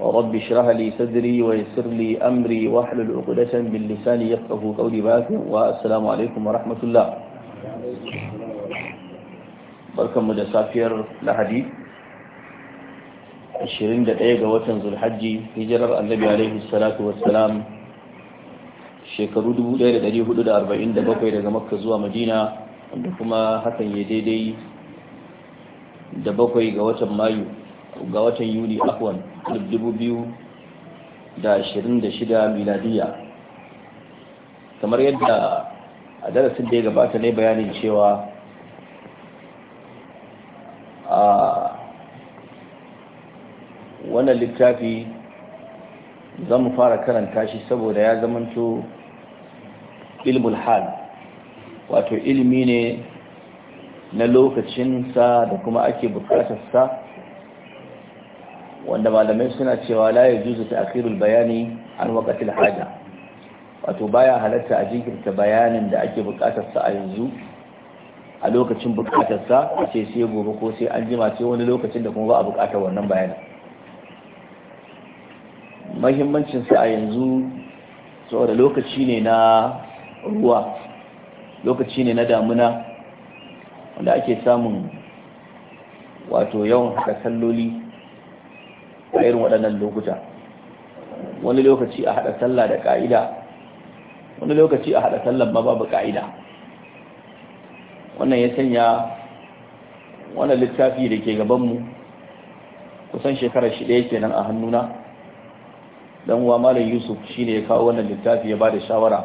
رب اشرح لي صدري ويسر لي أمري واحلل عقدة من لساني يفقه قولي باك والسلام عليكم ورحمة الله بركة مدسافير لحدي 21 ga watan Zulhajji hijirar Annabi alaihi salatu wassalam shekaru 1447 daga Makka zuwa Madina wanda kuma hakan ya daidai da bakwai ga watan Mayu ga watan yuli da shida miladiya kamar yadda a darasin da ya gabata ne bayanin cewa a wannan littafi za mu fara karanta shi saboda ya zamanto ilmul hal wato ilmi ne na lokacinsa da kuma ake bukatarsa wanda malamai suna cewa la ta ta'khirul bayani an waqtil haja wato baya halatta a jinkirta bayanin da ake bukatar a yanzu a lokacin bukatar sa ce sai gobe ko sai an jima sai wani lokacin da kuma ba a bukatar wannan bayanin mahimmancinsa a yanzu saboda lokaci ne na ruwa lokaci ne na damuna wanda ake samun wato yawan haka salloli a irin waɗannan lokuta wani lokaci a haɗa sallah da ƙa'ida wani lokaci a haɗa sallah ma babu ƙa'ida wannan ya sanya wani littafi da ke gabanmu kusan shekarar shi ɗaya kenan a hannuna don wa malam yusuf shine ya kawo wannan littafi ya ba da shawara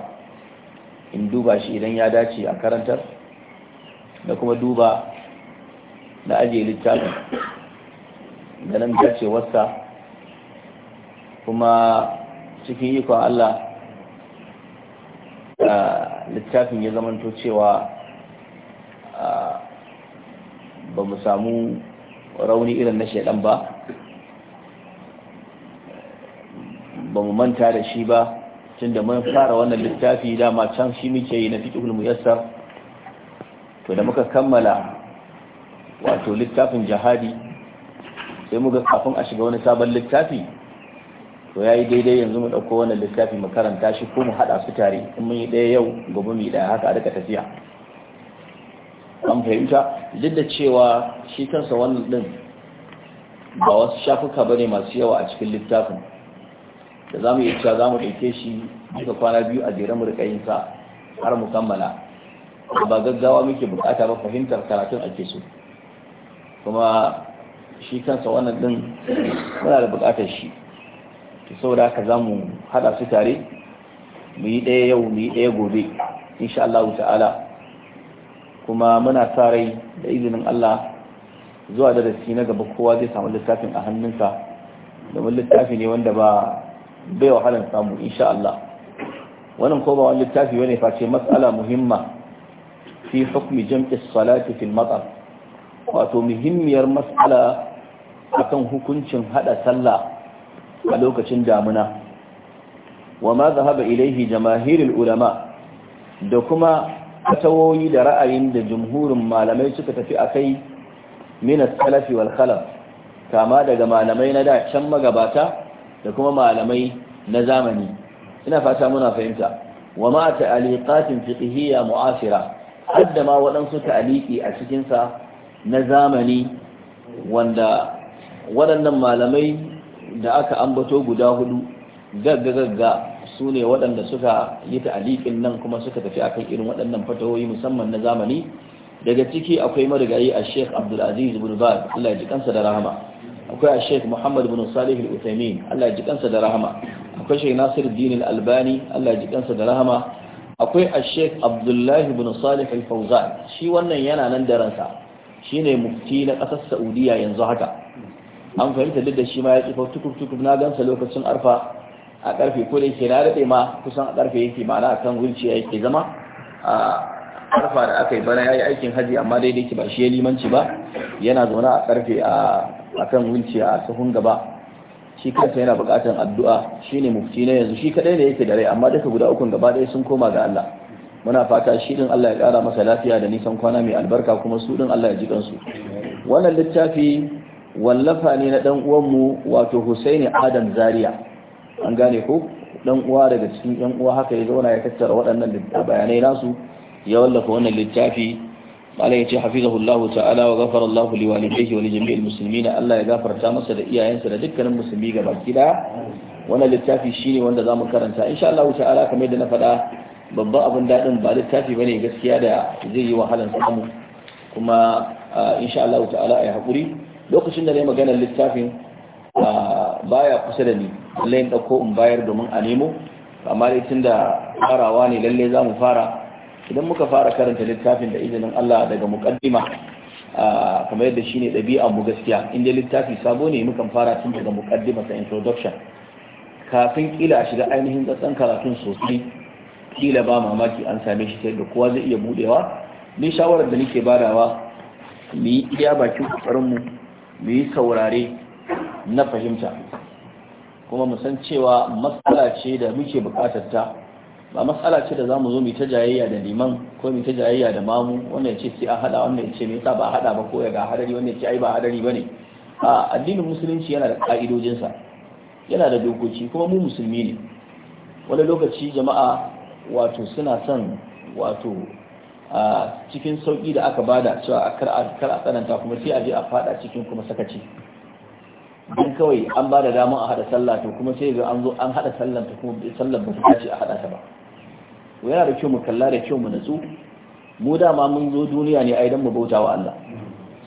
in duba shi idan ya dace a karantar da kuma duba na ajiye littafi. da nan dacewarsa kuma cikin ikon Allah littafin ya zamanto cewa ba mu samu rauni irin na shaidan ba ba mu manta da shi ba tun da mun fara wannan littafi dama can shi muke yi na fi fiƙihul yassar to da muka kammala wato littafin jihadi sai mu ga kafin a shiga wani sabon littafi to ya yi daidai yanzu mu ɗauko wannan littafi mu karanta shi ko mu haɗa su tare in mun yi ɗaya yau gobe mu yi ɗaya haka a rika tafiya an fahimta duk da cewa shi kansa wannan ɗin ba wasu shafuka ba ne masu yawa a cikin littafin da za mu iya cewa za mu ɗauke shi duka kwana biyu a jere mu riƙa yin sa har mu kammala ba gaggawa muke bukata ba fahimtar karatun ake so kuma shi kansa wannan din muna da bukatar shi to saboda haka za mu haɗa su tare mu yi ɗaya yau mu yi ɗaya gobe insha Allah ta'ala kuma muna sa rai da izinin Allah zuwa darasi na gaba kowa zai samu littafin a hannunsa domin littafi ne wanda ba bai wahalar samu insha Allah wannan ko ba wani littafi bane face matsala muhimma fi hukmi jam'i salati fil matar wato muhimmiyar matsala akan hukuncin hada sallah a lokacin damuna wa ma zahaba ilaihi jamaahirul ulama da kuma fatawoyi da ra'ayin da jumhurin malamai suka tafi akai min as-salafi wal khalaf kama daga malamai na da can magabata da kuma malamai na zamani ina fata muna fahimta wa ma ta'aliqatin fiqhiyya mu'asira hadda ma waɗansu ta'aliki a cikinsa na zamani wanda waɗannan malamai da aka ambato guda hudu gaggagagga su ne waɗanda suka yi ta'aliƙin nan kuma suka tafi a kan irin waɗannan fatawoyi musamman na zamani daga ciki akwai marigayi a sheikh abdulaziz bin allah ya ji kansa da rahama akwai a sheikh muhammad bin salih al-uthaymin allah ya ji kansa da rahama akwai sheikh nasir din al-albani allah ya ji kansa da rahama akwai a sheikh abdullahi bin salih al-fawzan shi wannan yana nan da ransa shine mufti na ƙasar saudiya yanzu haka an fahimta duk da shi ma ya tsifa tukuf tukuf na gansa lokacin arfa a karfe ko da yake na daɗe ma kusan a karfe yake ma'ana a kan wulci ya yake zama a arfa da aka yi bana ya yi aikin haji amma daidai ki ba shi ya limanci ba yana zaune a karfe a kan wulci a sahun gaba shi kansa yana buƙatar addu'a shine mufti na yanzu shi kaɗai ne yake da rai amma duka guda ukun gaba ɗaya sun koma ga Allah muna fata shi din Allah ya ƙara masa lafiya da nisan kwana mai albarka kuma su din Allah ya ji kansu wannan littafi wallafa ne na dan uwanmu wato Hussaini Adam Zaria an gane ko dan uwa daga cikin yan uwa haka ya zauna ya tattara waɗannan bayanai nasu ya wallafa wannan littafi malai ya ce hafizahullahu ta'ala wa ghafara Allah li walidayhi wa li jami'il muslimin Allah ya gafarta masa da iyayensa da dukkanin musulmi gaba da. wannan littafi shine wanda zamu karanta insha Allah ta'ala kamar yadda na faɗa babban abin daɗin ba littafi bane gaskiya da zai yi wahalan samu kuma ah, insha Allah ta'ala ai hakuri lokacin da na yi maganar littafin baya kusa da ni lalle in ɗauko in bayar domin a nemo amma dai tun da farawa ne lalle za mu fara idan muka fara karanta littafin da izinin Allah daga muƙaddima kamar yadda shine ɗabi'a mu gaskiya in dai littafi sabo ne mukan fara tun daga muƙaddima ta introduction kafin kila a shiga ainihin tsatsan karatun sosai kila ba mamaki an same shi sai da kowa zai iya budewa ni shawarar da nake badawa mu iya bakin kokarin mu mu yi saurare na fahimta kuma mu san cewa matsala ce da muke bukatar ta ba matsala ce da zamu zo mu ta jayayya da liman ko mu ta jayayya da mamu wanda ya ce sai a hada wanda ya ce me yasa ba hada ba ko ya ga hadari wanda ya ce ai ba hadari bane a addinin musulunci yana da ka'idojin sa yana da dokoki kuma mu musulmi ne wani lokaci jama'a wato suna son wato a cikin sauki da aka bada cewa a kar a tsananta kuma sai a je a fada cikin kuma sakaci dan kawai an bada dama a hada sallah to kuma sai ga an zo an hada sallan ta kuma sallan ba ta ce a hada ta ba to yana da kyau mu kalla da kyau mu natsu mu dama mun zo duniya ne a idan mu bauta wa Allah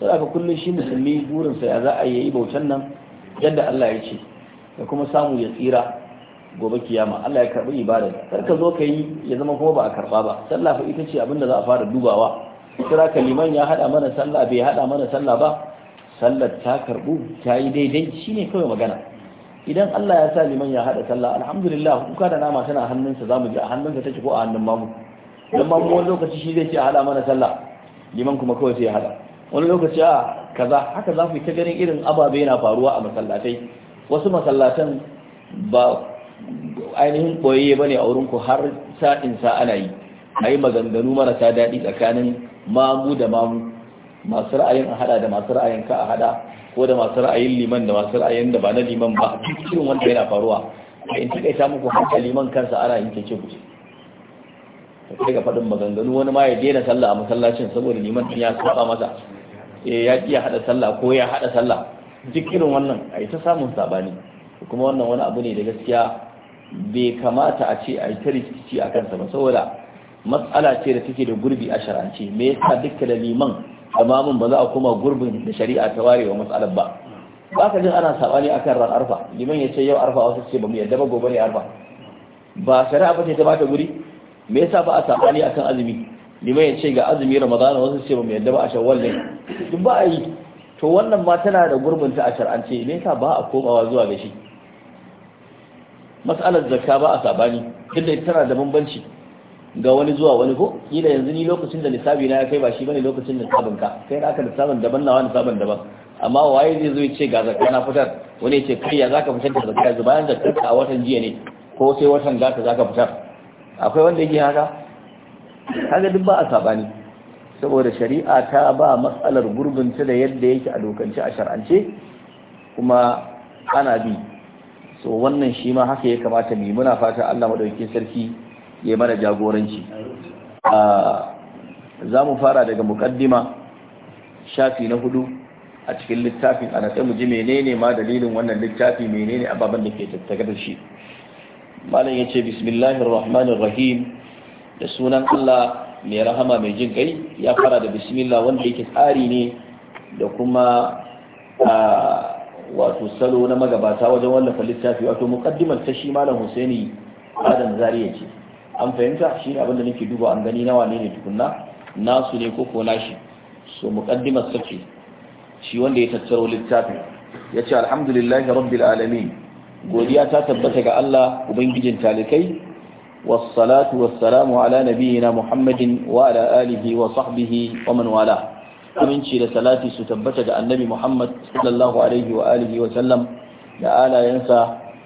sai aka kullun shi musulmi burin sa ya za a yi bautan nan yadda Allah ya ce da kuma samu ya tsira gobe kiyama Allah ya karbi ibada kar ka zo kai ya zama kuma ba a karba ba sallah fa ita ce abinda za a fara dubawa kira ka liman ya hada mana sallah bai hada mana sallah ba sallar ta karbu ta yi daidai shine kawai magana idan Allah ya sa liman ya hada sallah alhamdulillah kuka da nama tana hannunsa zamu ji a hannunsa take ko a hannun mamu dan mamu wani lokaci shi zai ce hada mana sallah liman kuma kawai sai ya hada wani lokaci a kaza haka za ku yi ta ganin irin ababe yana faruwa a masallatai wasu masallatan ba ainihin koyayye ne a wurin ku har sa'in sa ana yi ayi maganganu marasa daɗi tsakanin mamu da mamu masu ra'ayin a hada da masu ra'ayin ka a hada ko da masu ra'ayin liman da masu ra'ayin da ba na liman ba a cikin wanda yana faruwa in kika ta ku haka liman kansa ana yin kece kuce sai ga faɗin maganganu wani ma ya daina sallah a masallacin saboda liman ya saba masa eh, ya iya haɗa sallah ko ya haɗa sallah duk irin wannan a yi ta samun sabani kuma wannan wani abu ne da gaskiya bai kamata a ce a yi ta rikici a kansa ba saboda matsala ce da take da gurbi a sharance me yasa duka da liman tamamin ba za a koma gurbin da shari'a ta warewa matsalar ba ba ka jin ana sabani akan ran arfa liman ya ce yau arfa wasu ce ba mu yadda ba gobe ne arfa ba shari'a ba ce ta bata guri me yasa ba a sabani akan azumi liman ya ce ga azumi ramadana wasu ce ba mu yadda ba a shawwal ne duk ba a yi to wannan ma tana da gurbinta a shar'ance me yasa ba a komawa zuwa ga shi matsalar zakka ba a sabani duk da tana da bambanci ga wani zuwa wani ko kila yanzu ni lokacin da lissafi na ya kai ba shi bane lokacin lissafin ka kai naka lissafin daban na wani lissafin daban amma waye zai zo ya ce ga zakka na fitar wani ya ce kai ya zaka fitar da zakka yanzu bayan zakkar a watan jiya ne ko sai watan gata zaka fitar akwai wanda yake haka kaga duk ba a sabani saboda shari'a ta ba matsalar gurbinta da yadda yake a dokance a shar'ance kuma ana bi so wannan shi ma haka ya kamata mu muna fata Allah maɗauki sarki ya mana jagoranci za mu fara daga mukaddima shafi na hudu a cikin littafin a natsa mu ji menene ma dalilin wannan littafi menene ababen da ke tattaka da shi malam ya ce bismillahir rahmanir rahim da sunan Allah mai rahama mai jin kai ya fara da bismillah wanda yake tsari ne da kuma wato salo na magabata wajen wallafa littafi wato mukaddimar ta shi malam Husaini Adam Zariya ce an fahimta shi ne abinda nake duba an gani nawa ne ne tukunna nasu ne koko nashi so muqaddimar ta ce shi wanda ya tattaro littafi ya ce alhamdulillahi rabbil alamin godiya ta tabbata ga Allah ubangijin talikai wassalatu wassalamu ala nabiyina Muhammadin wa ala alihi wa sahbihi wa man wala aminci da salati su tabbata ga annabi Muhammad sallallahu alaihi wa alihi wa sallam da alayensa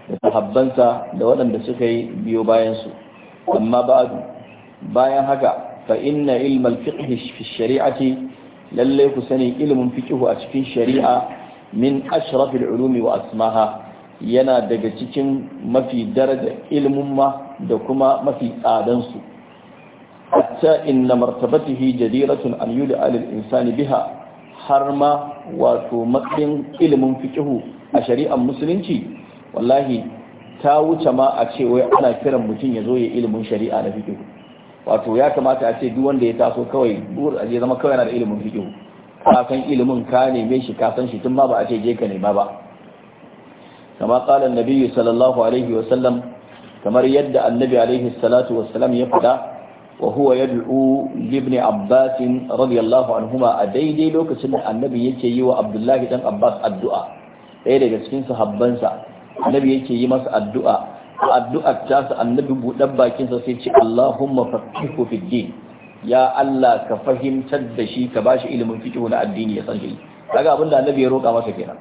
da sahabbansa da waɗanda suka yi biyo bayan su amma ba'du bayan haka fa inna ilma al-fiqh fi shari'ati lalle ku sani ilmin fiqh a cikin shari'a min ashraf al-ulum wa asmaha yana daga cikin mafi daraja ilmin ma da kuma mafi tsadan su حتى إن مرتبته جديرة أن يدعى للإنسان بها حرما وتمكن علم فكه a المسلمة والله تاوت ما أكشي وأنا كرم متين يزوي علم شريعة فكه wato ya kamata a ce duk wanda ya taso kawai bur a zama kawai yana da ilimin fiqh ka san ilimin ka neme shi ka san shi tun ma ba a ce je ka nema ba kama qala annabi sallallahu alaihi wa sallam kamar yadda annabi alaihi salatu wa salam ya fada وهو يدعو لابن عباس رضي الله عنهما أديدي لو كسن النبي yi wa Abdullahi بن عباس addu'a, ɗaya daga cikin sahabbansa annabi yake yi masa addu'a addu'a ta tasa annabi buɗan bakinsa sai ce Allahumma faqihu fid ya Allah ka fahimtar da shi ka shi ilimin fiqh na addini ya san shi kaga abinda annabi ya roƙa masa kenan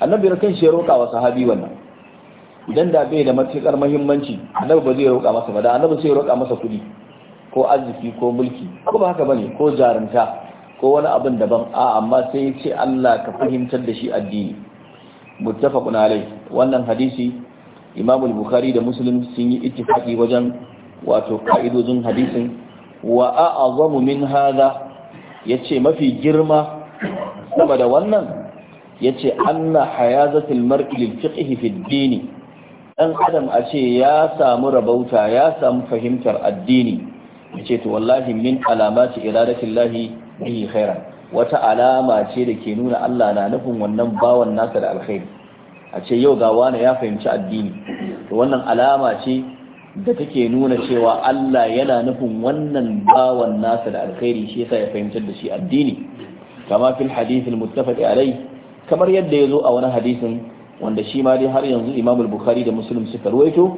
annabi kan shi ya roƙa wa sahabi wannan idan da bai da matukar muhimmanci annabi ba zai roƙa masa ba da annabi sai ya roƙa masa kuɗi ko arziki ko mulki ko ba haka bane ko jarumta ko wani abin daban a amma sai ya ce Allah ka fahimtar da shi addini muttafaqun alai wannan hadisi Imam al-Bukhari da Muslim sun yi ittifaqi wajen wato ka'idojin hadisin wa a'zamu min hadha yace mafi girma saboda wannan yace anna hayazatul mar'i lil fiqh fi ad dan adam a ce ya samu rabauta ya samu fahimtar addini Ace to wallahi min alamati iradatillahi bihi khairan wata alama ce da ke nuna Allah na nufin wannan bawan nasa da alkhairi a ce yau ga wani ya fahimci addini to wannan alama ce da take nuna cewa Allah yana nufin wannan bawan nasa da alkhairi shi yasa ya fahimtar da shi addini kama fil hadith al muttafaq alai kamar yadda yazo a wani hadisin wanda shi ma dai har yanzu Imam al-Bukhari da Muslim suka ruwaito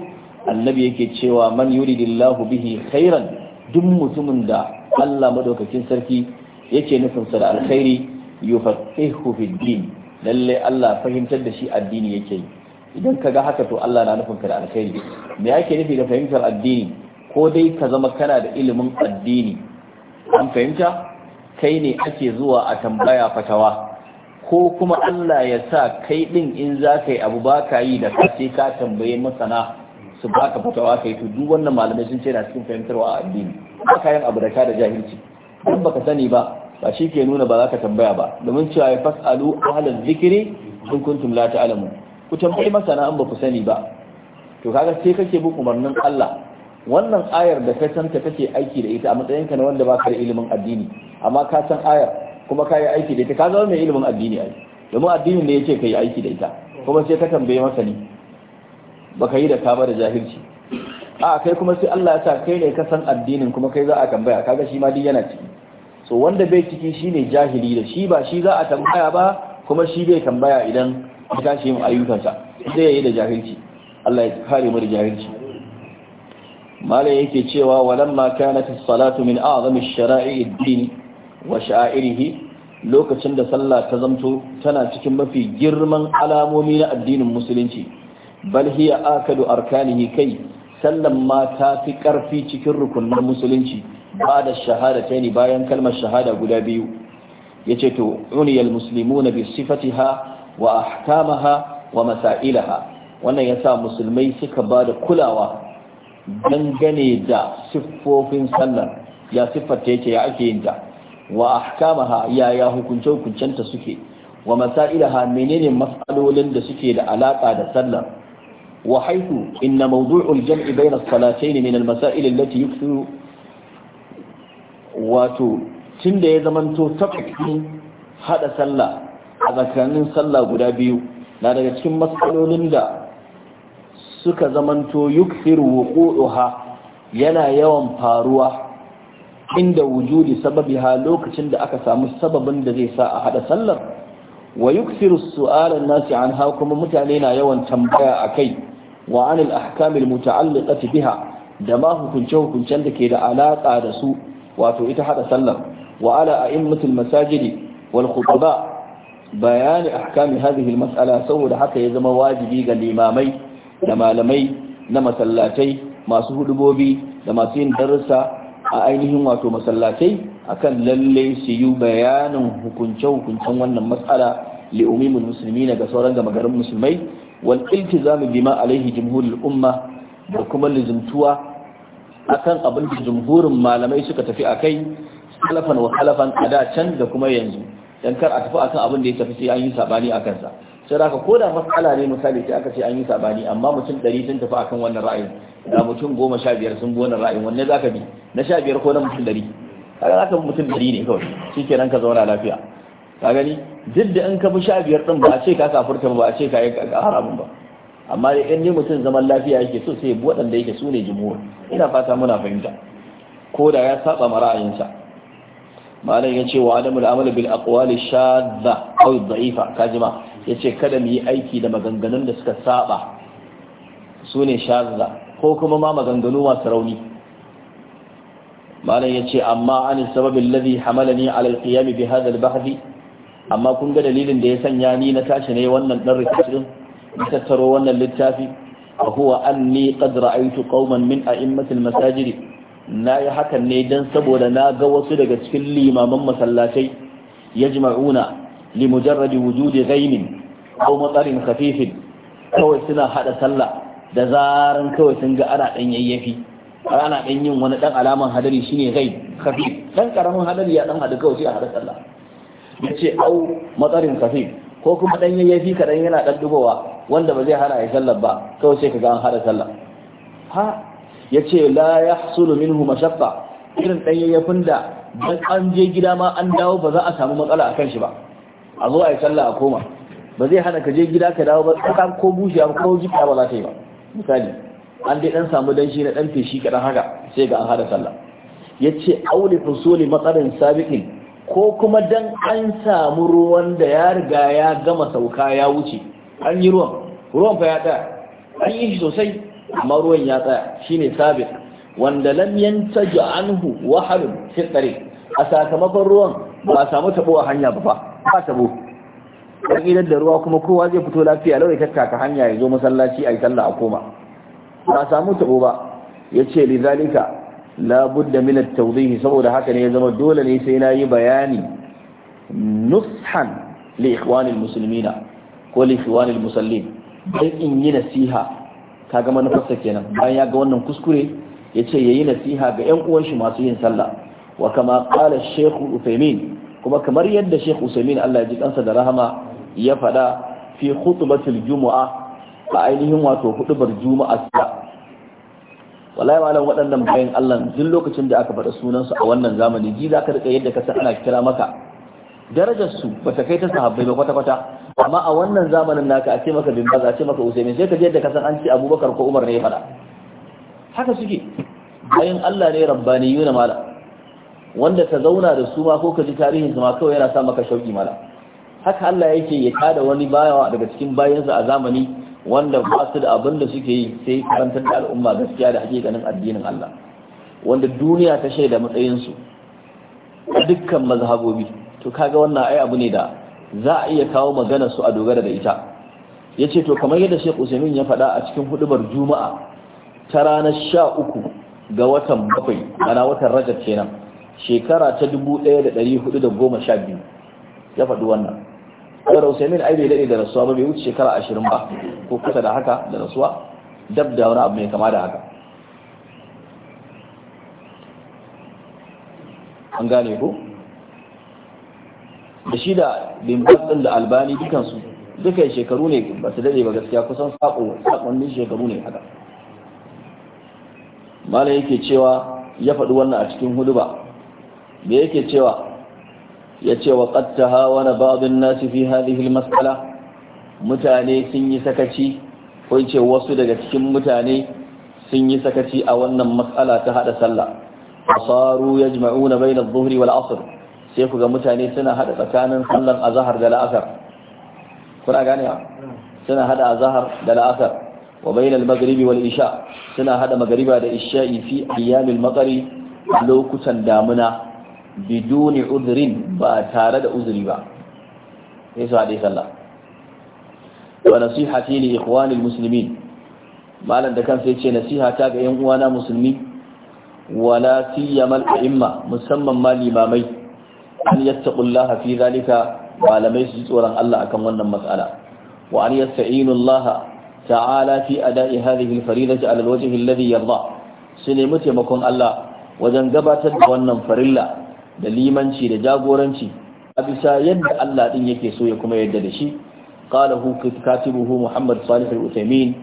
annabi yake cewa man yuridillahu bihi khairan duk mutumin da Allah madaukakin sarki yake nufin sa da alkhairi yufaqihu fid din lalle Allah fahimtar da shi addini yake yi idan ka ga haka to Allah na nufin ka da alkhairi me yake nufi da fahimtar addini ko dai ka zama kana da ilimin addini an fahimta kai ne ake zuwa a tambaya fatawa ko kuma Allah ya sa kai din in za ka yi abu ba ka yi da ka ka tambaye masana su ba ka fatawa kai to duk wannan malamai sun ce na cikin fahimtarwa a addini ba kayan abu da ka da jahilci dan baka sani ba ba shi ke nuna ba za ka tambaya ba domin cewa ya fasalu ahalar zikiri in kuntum la ta'lamu ku tambayi masana an ba sani ba to kaga sai kake bi umarnin Allah wannan ayar da ka ta kake aiki da ita a matsayinka na wanda ba ka da ilimin addini amma ka san ayar kuma ka yi aiki da ita ka zama mai ilimin addini ai domin addinin ne yace ka yi aiki da ita kuma sai ka tambaye masani baka yi da ka ba da jahilci a kai kuma sai Allah ya sa kai ne ka san addinin kuma kai za a tambaya kaga shi ma din yana ciki so wanda bai ciki shine jahili da shi ba shi za a tambaya ba kuma shi bai tambaya idan ya tashi yin ayyukansa sai yayi da jahilci Allah ya kare mu da jahilci malai yake cewa walamma kanat as-salatu min a'zami ash-shara'i ad-din wa sha'irihi lokacin da sallah ta zamto tana cikin mafi girman alamomi na addinin musulunci bal hiya akadu arkanihi kai sallan ma ta fi karfi cikin rukunin musulunci ba da shahada ta ne bayan kalmar shahada guda biyu ya ce to uniyar musulmi na bi sifatiha wa ahkamaha wa masailaha wannan ya sa musulmai suka ba da kulawa dangane da siffofin sallar ya siffata yake ya ake yin ta wa ahkamaha ya ya hukunce hukuncenta suke wa masailaha menene matsalolin da suke da alaka da sallar وحيث إن موضوع الجمع بين الصلاتين من المسائل التي يكثر واتو تند يزمن تو تفكين هذا صلى هذا كان صلى غدا بيو na daga cikin matsalolin da suka zamanto yukthir wuqu'uha yana yawan faruwa inda wujudi sababiha lokacin da aka samu sabbin da zai sa a haɗa sallar wa yukthiru su'alan nasi anha kuma mutane na yawan tambaya a kai. wa anil ahkamil muta'alliqati biha da ma hukunce hukuncen da ke da alaƙa da su wato ita hada sallar wa ala a'immatul masajidi wal khutaba bayani ahkami hadhihi al mas'ala saboda haka ya zama wajibi ga limamai da malamai na masallatai masu hudubobi da masu yin darussa a ainihin wato masallatai akan lalle su yi bayanin hukunce-hukuncen wannan matsala li'umimin musulmi ga sauran gama garin musulmai wal iltizamu bima alaihi jumhurul umma da kuma lizumtuwa akan abin da jumhurin malamai suka tafi a kai salafan wa salafan a da can da kuma yanzu dan kar a tafi akan abin da ya tafi sai an yi sabani a kansa. sai da ko da matsala ne misali sai aka ce an yi sabani amma mutum ɗari sun tafi akan wannan ra'ayin da mutum goma sha biyar sun bi wannan ra'ayin wanne za ka bi na sha biyar ko na mutum 100 kaga zaka bi mutum ɗari ne kawai shikenan ka zauna lafiya ka gani duk da in ka bi sha biyar din ba a ce ka kafurta ba a ce ka yi haramun ba amma da mutum zaman lafiya yake so sai waɗanda yake su ne jumhur ina fata muna fahimta ko da ya saba ma ra'ayinsa malam ya ce wa adamul amal bil aqwali shadda aw da'ifa kajima yace kada mu yi aiki da maganganun da suka saba su ne shadda ko kuma ma maganganu masu rauni malam ya ce amma an sababin ladhi hamalani ala al bi hadha al amma kun ga dalilin da ya sanya ni na tashi ne wannan dan rikicin na tattaro wannan littafi wa huwa anni qad ra'aytu qauman min a'immatil masajid na yi hakan ne dan saboda na ga wasu daga cikin limaman masallatai yajma'una li mujarradi wujudi ghaimin aw matarin khafifin kawai suna hada sallah da zaran kawai sun ga ana dan yayyafi ana dan yin wani dan alaman hadari shine ghaib khafif dan karamin hadari ya dan hada kawai sai a hada sallah ya ce au matsarin safi ko kuma dan fi kaɗan yana dan dubowa wanda ba zai hana ya sallar ba kawai sai kaga an hada sallar ha ya ce la ya minhu mashaqqa irin dan yayyafin da dan an je gida ma an dawo ba za a samu matsala akan shi ba a zo a yi sallah a koma ba zai hana ka je gida ka dawo ba tsaka ko bushiya ko jika ba za ta yi ba misali an dai dan samu danshi na dan feshi kaɗan haka sai ga an hada sallah yace auli fusuli matsarin sabiqin ko kuma dan an samu ruwan da ya riga ya gama sauka ya wuce an yi ruwan ruwan fa ya tsaya an yi shi sosai amma ruwan ya tsaya shine sabit wanda lam taji anhu wahalun fi tsare a sakamakon ruwan ba a samu tabo a hanya ba fa ba tabo kan idan da ruwa kuma kowa zai fito lafiya ya tattaka hanya ya zo masallaci a yi sallah a koma ba samu tabo ba ya ce lizalika labudda min at saboda haka ne ya zama dole ne sai nayi bayani nushan li ikhwanil muslimina ko li ikhwanil musallin dan in yi nasiha kaga manufarsa kenan bayan ya ga wannan kuskure yace yayi nasiha ga ƴan uwan shi masu yin sallah wa kama qala Sheikh Uthaymeen kuma kamar yadda Sheikh Uthaymeen Allah ya ji kansa da rahama ya faɗa fi khutbatil jumu'a a ainihin wato hudubar juma'a wallahi malam waɗannan bayan Allah duk lokacin da aka faɗa sunan su a wannan zamani ji za ka riƙa yadda ka san ana kira maka Darajarsu ba ta kai ta sahabbai ba kwata kwata amma a wannan zamanin naka a ce maka bin baza a ce maka usaimin sai ka je yadda ka san an ce abubakar ko umar ne ya faɗa haka suke bayan Allah ne rabbaniyuna malam wanda ka zauna da su ma ko ka ji tarihin su ma kawai yana sa maka shauki mala haka Allah yake ya kada wani bayawa daga cikin bayansa a zamani wanda ba da abin da suke yi sai karantar da al'umma gaskiya da hakikanin addinin Allah wanda duniya ta shaida matsayinsu a dukkan mazhabobi to kaga wannan ai abu ne da za a iya kawo magana su a dogara da ita yace to kamar yadda Sheikh Usaimin ya faɗa a cikin hudubar Juma'a ta ranar 13 ga watan bakwai ana watan Rajab kenan shekara ta dubu ɗaya da da ɗari goma sha biyu. ya faɗi wannan saboda usaimin ai bai daɗe da rasuwa ba bai wuce shekara ashirin ba ko kusa da haka da rasuwa dab da wani abu mai kama da haka an gane ko da shi da bimbas ɗin da albani dukansu dukkan shekaru ne ba su daɗe ba gaskiya kusan saƙo saƙonnin shekaru ne haka malam yake cewa ya faɗi wannan a cikin huduba me yake cewa yace wa qad tahawana ba'd an-nas fi hadhihi al-mas'ala mutane sun yi sakaci ko yace wasu daga cikin mutane sun yi sakaci a wannan mas'ala ta hada sallah fasaru yajma'una bayna adh-dhuhri wal 'asr sai kuga mutane suna hada tsakanin sallar azhar da la'asar kuna gane suna hada azhar da la'asar wa bayna al-maghrib wal isha suna hada magriba da isha'i fi ayyamil matari lokutan damuna biduni uzrin ba tare da uzuri ba sai su haɗe sallah wa nasihati li ikhwanil muslimin malam da kansa yace nasiha ta ga yan uwana musulmi wala siyamal a'imma musamman ma limamai an yattaqullaha fi zalika malamai su tsoron Allah akan wannan matsala wa an yasta'inu Allah ta'ala fi ada'i hadhihi al-faridati 'ala al-wajhi alladhi yarda su nemi taimakon Allah wajen gabatar da wannan farilla da limanci da jagoranci a bisa yadda Allah din yake so ya kuma yadda da shi qala hu katibuhu Muhammad Salih al uthaymin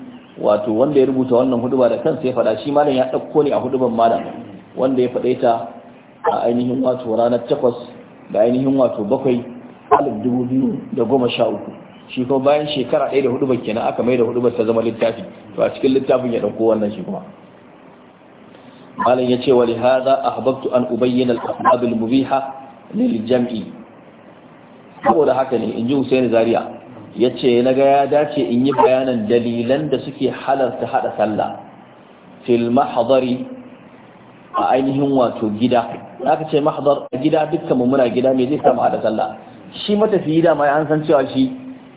wato wanda ya rubuta wannan huduba da kansa ya fada shi malam ya dauko ne a huduban malam wanda ya fada ta a ainihin wato ranar 8 da ainihin wato 7 2013 shi kuma bayan shekara ɗaya da huduban kenan aka mai da hudubar ta zama littafi to a cikin littafin ya dauko wannan shi kuma malam ya ce wali hada ahbabtu an ubayyana al-asbab al-mubiha lil jam'i saboda haka ne inji Hussein Zaria yace naga ya dace in yi bayanan dalilan da suke halarta hada sallah fil mahdari a ainihin wato gida aka ce mahdar a gida dukkan mu muna gida me zai samu hada sallah shi matafiyi dama an san cewa shi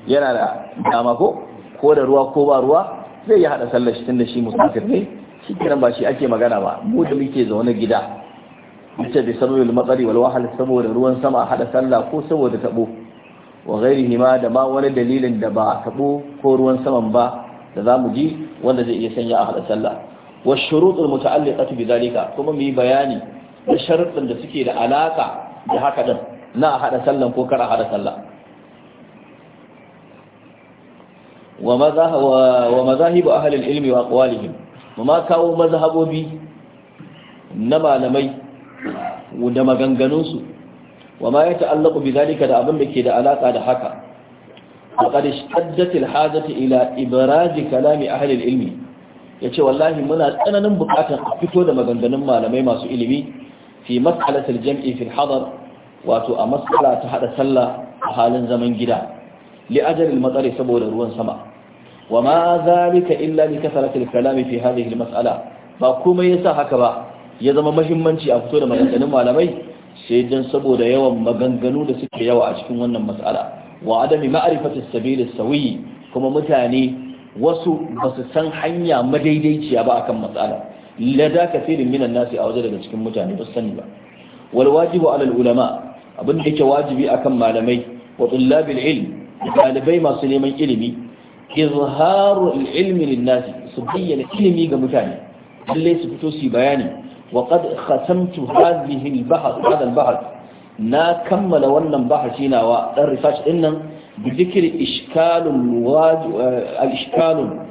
yana da dama ko ko da ruwa ko ba ruwa zai yi hada sallah shi tunda shi musafir ne shi kiran ba shi ake magana ba mu da muke zaune gida mace bi sabuwar matsari wal wahal saboda ruwan sama hada sallah ko saboda tabo wa ghairihi ma da ma wani dalilin da ba tabo ko ruwan saman ba da zamu ji wanda zai iya sanya a hada sallah wa shurutul muta'alliqati bi zalika kuma mu yi bayani da sharuɗin da suke da alaka da haka din na hada sallah ko kar hada sallah wa mazahibu ahlil ilmi wa aqwalihim mu ma kawo mazhabobi na malamai da maganganunsu wa ma ya ta'allaku bi zalika da abin da ke da alaka da haka faqad shaddat al-hajat ila ibraj kalam ahli al-ilmi yace wallahi muna tsananin bukatar a fito da maganganun malamai masu ilimi fi mas'alat al-jam'i fi al-hadar wato a mas'ala ta hada sallah a halin zaman gida li ajal al-matsari saboda ruwan sama wa ma zalika illa li kasarati al-kalam fi hadhihi al-mas'ala ba kuma yasa haka ba ya zama mahimmanci a fito da maganganun malamai sai dan saboda yawan maganganu da suke yawa a cikin wannan mas'ala wa adami ma'rifati as kuma mutane wasu ba su san hanya madaidaiciya ba akan matsala lada kafirin minan nasi a waje daga cikin mutane ba sani ba wal wajibu ala ulama abin da yake wajibi akan malamai wa tullabil ilm dalibai masu neman ilimi izharu ilmi lin su bayyana ilimi ga mutane lalle su fito su bayani wa qad khatamtu hadhihi al bahar hada al na kammala wannan bahashi nawa dan research din nan bi ishkalun al-ishkalun eh,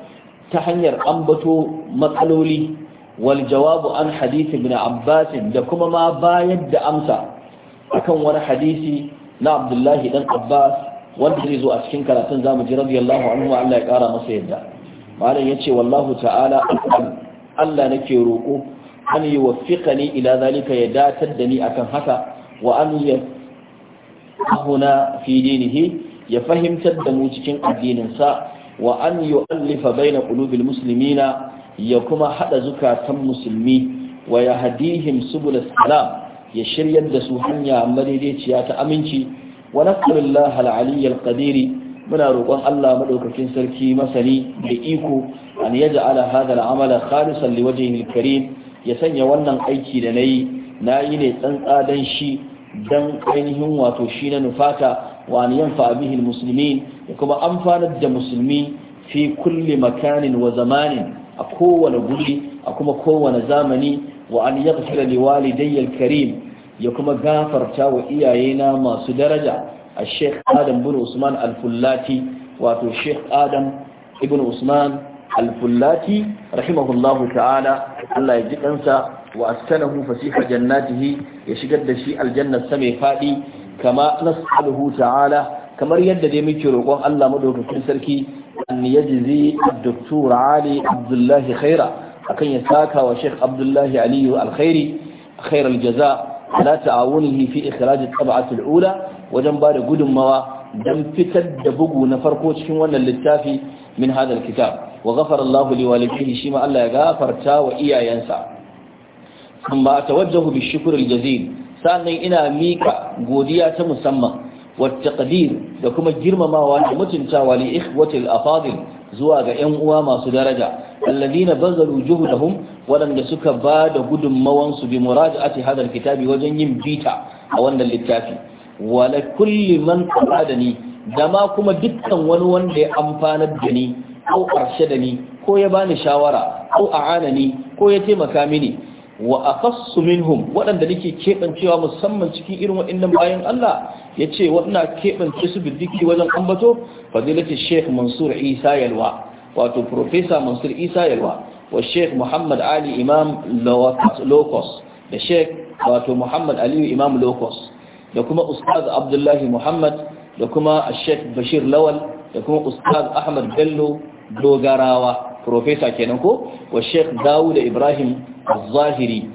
ta hanyar ambato matsaloli wal jawabu an hadisi ibn abbas da kuma ma bayar da amsa akan wani hadisi na abdullahi dan abbas wanda zai zo a cikin karatun zamu ji radiyallahu anhu Allah ya kara masa yadda malam yace wallahu ta'ala Allah nake roko an yuwaffiqani ila zalika ya datar da ni akan haka wa an ya huna fi dinihi ya fahimtar da mu cikin addinin sa wa an yu'allifa baina qulubil muslimina ya kuma hada zukatan musulmi wa yahdihim subul salam ya shiryar da su hanya madaidaiciya ta aminci wa nas'alullah al-ali al-qadir muna roƙon Allah madaukakin sarki masani da iko an yaj'ala hadha al-amala khalisan liwajhihi al-karim ya sanya wannan aiki da nayi nayi ne tsantsa tsadan shi dan ainihin wato shi na nufata wa an yanfa bihi al-muslimin ya kuma amfanar da musulmi fi kulli makanin wa zamanin a kowane guri a kuma kowane zamani wa an yaghfira liwalidayya al-karim ya kuma gafarta wa iyayena masu daraja a sheikh adam bin usman al-fullati wato sheikh adam ibn usman al-fullati rahimahullahu ta'ala Allah ya ji kansa wa askanahu fasiha jannatihi ya shigar da shi aljannar sa mai fadi kama nas'aluhu ta'ala kamar yadda dai muke roƙon Allah madaukakin sarki an yajzi ad-doktor Ali Abdullahi khaira akan ya saka wa Sheikh Abdullahi Aliyu alkhairi khair jaza. ala ta'awunihi fi ikhraj at-tab'at al-ula wajen ba da gudunmawa dan fitar da bugu na farko cikin wannan littafi min hadha al-kitab wa ghafara Allah li shi shima Allah ya gafarta wa iyayensa amma tawajjahu bi shukr al-jazil sannan ina mika godiya ta musamman والتقدير da kuma girmamawa da mutuntawa li ikhwati al-afadil zuwa ga ƴan uwa masu daraja alladina bazalu hum. waɗanda suka ba da gudunmawansu bi muraja'ati hadar kitabi wajen yin bita a wannan littafi wala kulli man da ni da ma kuma dukkan wani wanda ya amfanar da ni ko arshe da ni ko ya bani shawara ko a'ana ni ko ya taimaka mini wa akhassu minhum waɗanda nake keɓancewa musamman cikin irin waɗannan bayan Allah ya ce waɗanda keɓance su bidiki wajen ambato fadilati Sheikh Mansur Isa Yalwa wato Professor Mansur Isa Yalwa wa sheikh muhammad ali imam locos da sheikh wato muhammad aliyu imam locos da kuma ustaz abdullahi muhammad da kuma sheikh bashir lawal da kuma ustaz ahmad bello dogarawa profesa kenan ko wa sheikh dawud ibrahim az-zahiri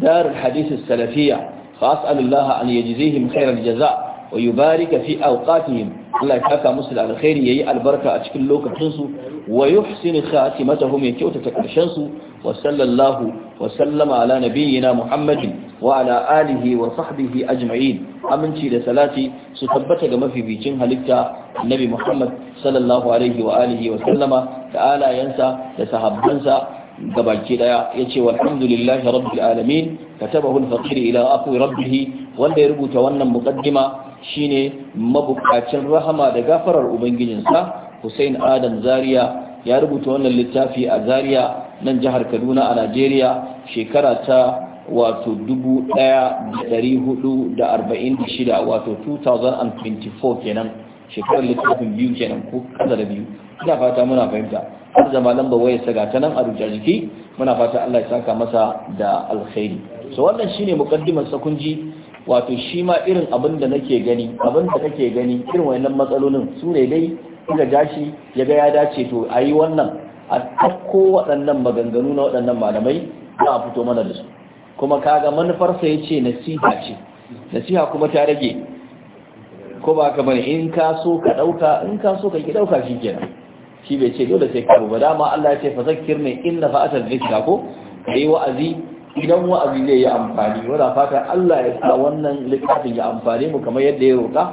dar al-hadith as-salafiyya fa as'alullaha an yajzihim khayral jazaa wa yubarika fi awqatihim Allah ya saka musu da alkhairi yayi albarka a cikin lokacin su wa yuhsin khatimatahum ya kyautata karshen su wa sallallahu wa sallama ala nabiyyina muhammadin wa ala alihi wa sahbihi ajma'in aminci da salati su tabbata ga mafificin halitta nabi muhammad sallallahu alaihi wa alihi wa sallama da alayansa da sahabbansa gabaki daya yace walhamdulillahi rabbil alamin katabahu al-faqir ila aqwi rabbih wanda ya rubuta wannan mukaddima shine mabukacin rahama da gafarar ubangijinsa Hussein Adam Zaria ya rubuta wannan littafi a Zaria nan jihar Kaduna a Najeriya shekara ta wato 1446 wato 2024 kenan shekarar littafin biyu kenan ko kaza da biyu ina fata muna fahimta har zama lamba ya saga ta nan a rubuta jiki muna fata Allah ya saka masa da alkhairi so wannan shine mukaddimar sakunji wato shi ma irin abin da nake gani abin da kake gani irin wannan matsalolin su ne dai suka gashi ya ga ya dace to a yi wannan a ɗauko waɗannan maganganu na waɗannan malamai za a fito mana da su kuma kaga manufarsa ya ce nasiha ce nasiha kuma ta rage ko ba ka bane in ka so ka ɗauka in ka so ka ki ɗauka shi kenan shi bai ce dole sai ka ba dama Allah ya ce fa zakkir inna fa'atal zikra ko ayi wa'azi idan wa'azi zai yi amfani muna fata Allah ya sa wannan littafin ya amfani mu kamar yadda ya roƙa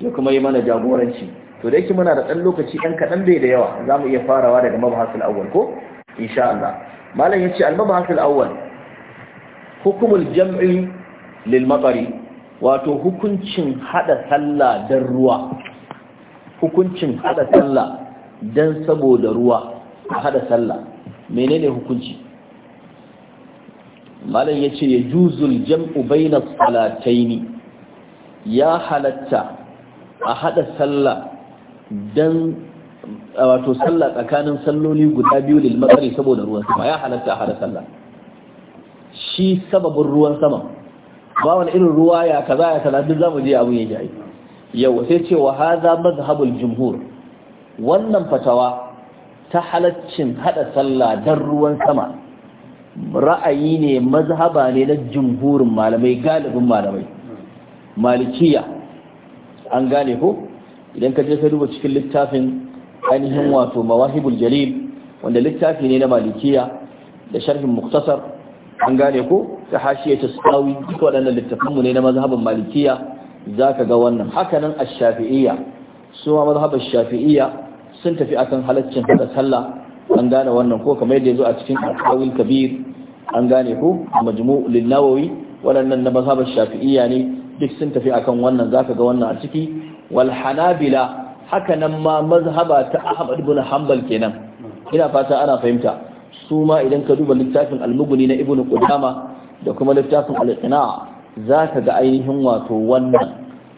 ya kuma yi mana jagoranci to da yake muna da ɗan lokaci ɗan kaɗan bai da yawa za mu iya farawa daga mabahasul awwal ko insha Allah malam yace al mabahasul awwal hukumul jam'i lil matari wato hukuncin hada sallah dan ruwa hukuncin hada sallah dan saboda ruwa a hada sallah menene hukunci malam ce ya juzul jam'u bai na bainas salataini ya halatta a hada sallah dan wato sallah tsakanin salloli guda biyu lil matsari saboda ruwan sama ya halatta a haɗa sallah shi sababin ruwan sama ba wani irin ruwa ya kaza ya kaza duk zamu je abun ya jayi yau sai ce wa hadha madhhabul jumhur wannan fatawa ta halaccin hada sallah dan ruwan sama ra'ayi ne mazhaba ne na jumhurin malamai galibin malamai malikiya an gane ko idan ka je ka duba cikin littafin ainihin wato mawahibul jalil wanda littafi ne na malikiya da sharhin muktasar an gane ko ta hashiya ta sawi duk waɗannan littafanmu ne na mazhaban malikiya za ka ga wannan hakanan a shafi'iyya su ma mazhaban shafi'iyya sun tafi akan halaccin haɗa sallah an gane wannan ko kamar yadda ya zo a cikin alkawil kabir an gane ko majmu lil waɗannan na mazhabar shafi'iyya ne duk sun tafi akan wannan zaka ga wannan a ciki wal hanabila haka nan ma mazhaba ta ahmad ibn hanbal kenan ina fata ana fahimta su ma idan ka duba littafin al na ibn qudama da kuma littafin al-qina zaka ga ainihin wato wannan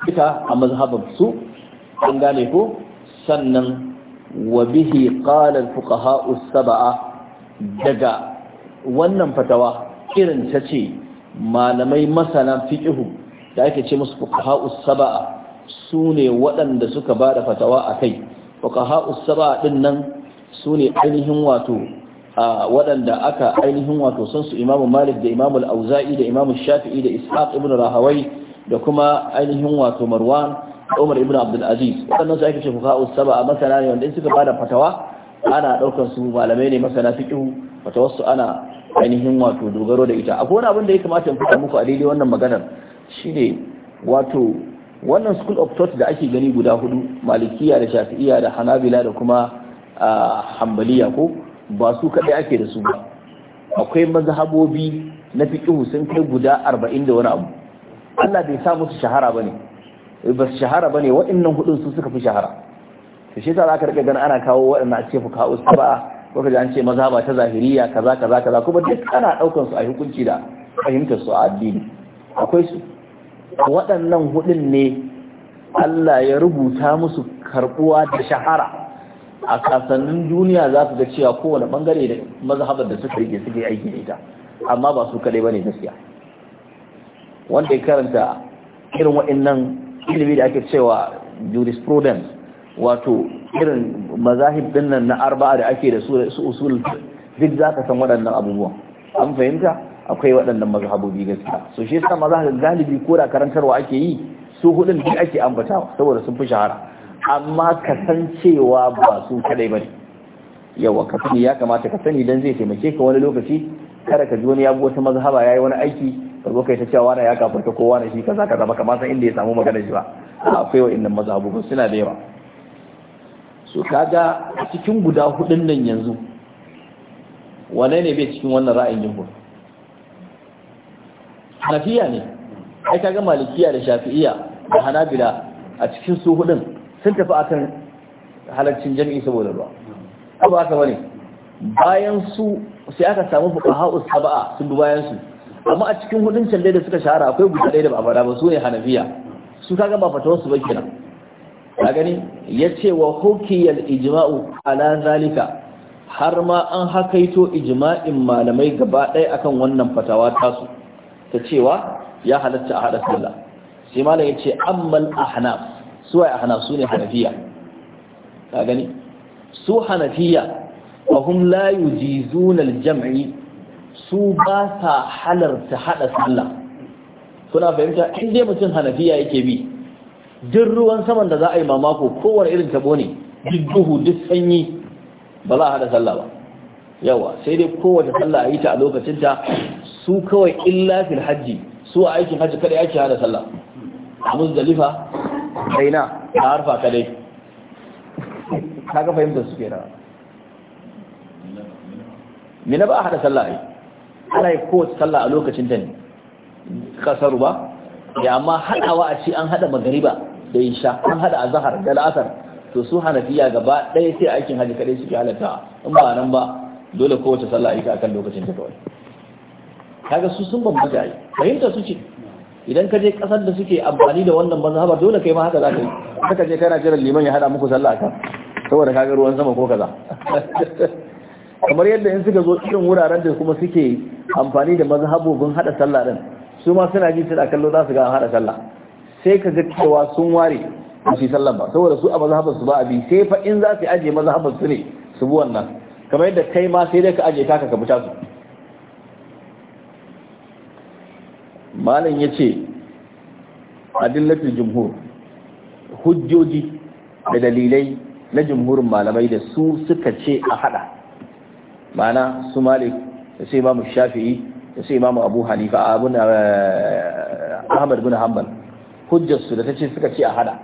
duka a mazhabar su an gane ko sannan wa bihi qala al daga wannan fatawa irin ta ce malamai masana fiqhu da ake ce musu fukaha'usaba'a sune waɗanda suka ba da fatawa akai fuqaha as-sab'a din nan sune ainihin wato waɗanda aka ainihin wato sun su imamu malik da imamu al-auza'i da imamu shafi'i da ishak ibn rahawai da kuma ainihin wato marwan Umar ibn Abdul Aziz wannan su ake cewa fa'u sab'a masana ne wanda suka suka bada fatawa ana daukar su malamai ne masana fiqh fatawar su ana ainihin wato dogaro da ita akwai wani abin da ya kamata mu fita muku a daidai wannan maganar shine wato wannan school of thought da ake gani guda hudu malikiya da shafi'iya da hanabila da kuma hambaliya ko ba su kaɗai ake da su ba akwai mazhabobi na fiƙihu sun kai guda arba'in da wani abu Allah bai sa musu shahara bane Eh, ba su shahara ba ne waɗannan hudun su suka fi shahara to shi ta za ka riƙe gani ana kawo waɗanda a ce kawo su ba ko ka ji an ce maza ba ta zahiriya kaza kaza kaza kuma duk ana ɗaukan su a hukunci da fahimtar su a addini akwai su waɗannan hudun ne Allah ya rubuta musu karbuwa da shahara a kasannin duniya za su ga cewa kowane bangare da mazhabar da suka rike suke aiki da ita amma ba su kadai bane gaskiya wanda ya karanta irin waɗannan ilimi da ake cewa jurisprudence wato irin mazahib dinnan na arba'a da ake da su usul duk za ka san waɗannan abubuwan an fahimta akwai waɗannan mazhabobi gaskiya so shi yasa maza ga galibi ko da karantarwa ake yi su hudun duk ake ambata saboda sun fi shahara amma ka san cewa ba su kadai bane yawa ka sani ya kamata ka sani dan zai taimake ka wani lokaci kada ka ji wani ya bi wata ya yi wani aiki ka zo kai ta cewa wani ya kafarta ko na shi kaza ka baka ma san inda ya samu magana shi ba akwai wa'annan mazhabu suna da yawa so kaga cikin guda hudun nan yanzu wane ne bai cikin wannan ra'ayin jumhur hanafiya ne ai ga malikiya da shafi'iya da hanabila a cikin su hudun sun tafi akan halarcin jami'i saboda ruwa ba ka wani bayan su sai aka samu fuqaha'u Saba'a sun bi bayan su amma a cikin hudun can da suka shahara akwai guda ɗaya da ba fada ba su ne hanafiya su kaga ba fatawar su ba kenan ka gani yace wa hukiyal ijma'u ala zalika har ma an hakaito ijma'in malamai gaba ɗaya akan wannan fatawa tasu ta cewa ya halatta a hada sallah sai malam yace ammal ahnaf su a ahnaf su ne hanafiya ka gani su hanafiya fahim la yujizuna jam'i su ba sa halarta hada sallah Suna fahimta in dai mutum hanafiya yake bi duk ruwan saman da za a yi mamako kowane irin tabo ne duk duhu duk sanyi ba za a hada sallah ba yawa sai dai kowace sallah a yi ta a lokacinta su kawai illa hajji su a aikin hajji kada ake hada sallah a muzdalifa kaina a harfa kadai ga fahimtar su kenan mina ba a haɗa sallah ai ana yi ko sallah a lokacin ta ne kasaru ba ya amma haɗawa a ce an haɗa magariba da isha an haɗa a zahar da la'asar to su hanafiya gaba ɗaya sai aikin haji kaɗai suke halatta in ba nan ba dole kowace sallah aika akan lokacin ta kawai kaga su sun bambanta ai fahimta su ce idan ka je kasar da suke amfani da wannan ba dole kai ma haka za ka yi haka je kana jiran liman ya hada muku sallah ka saboda kaga ruwan sama ko kaza kamar yadda in suka zo irin wuraren da kuma suke amfani da mazhabobin hada sallah din su ma suna ji suna kallo za su ga hada sallah sai ka ga cewa sun ware ba su sallah ba saboda su a mazhabar su ba a bi sai fa in za su aje mazhabar su ne su bi wannan kamar yadda kai ma sai dai ka aje taka ka buta su malam yace adillatul jumhur hujjoji da dalilai na jumhurin malamai da su suka ce a hada ma'ana su malik da su imamu shafi'i da su imamu abu hanifa na eh, ahmad bin hanbal hujjarsu da ta ce suka ce a hada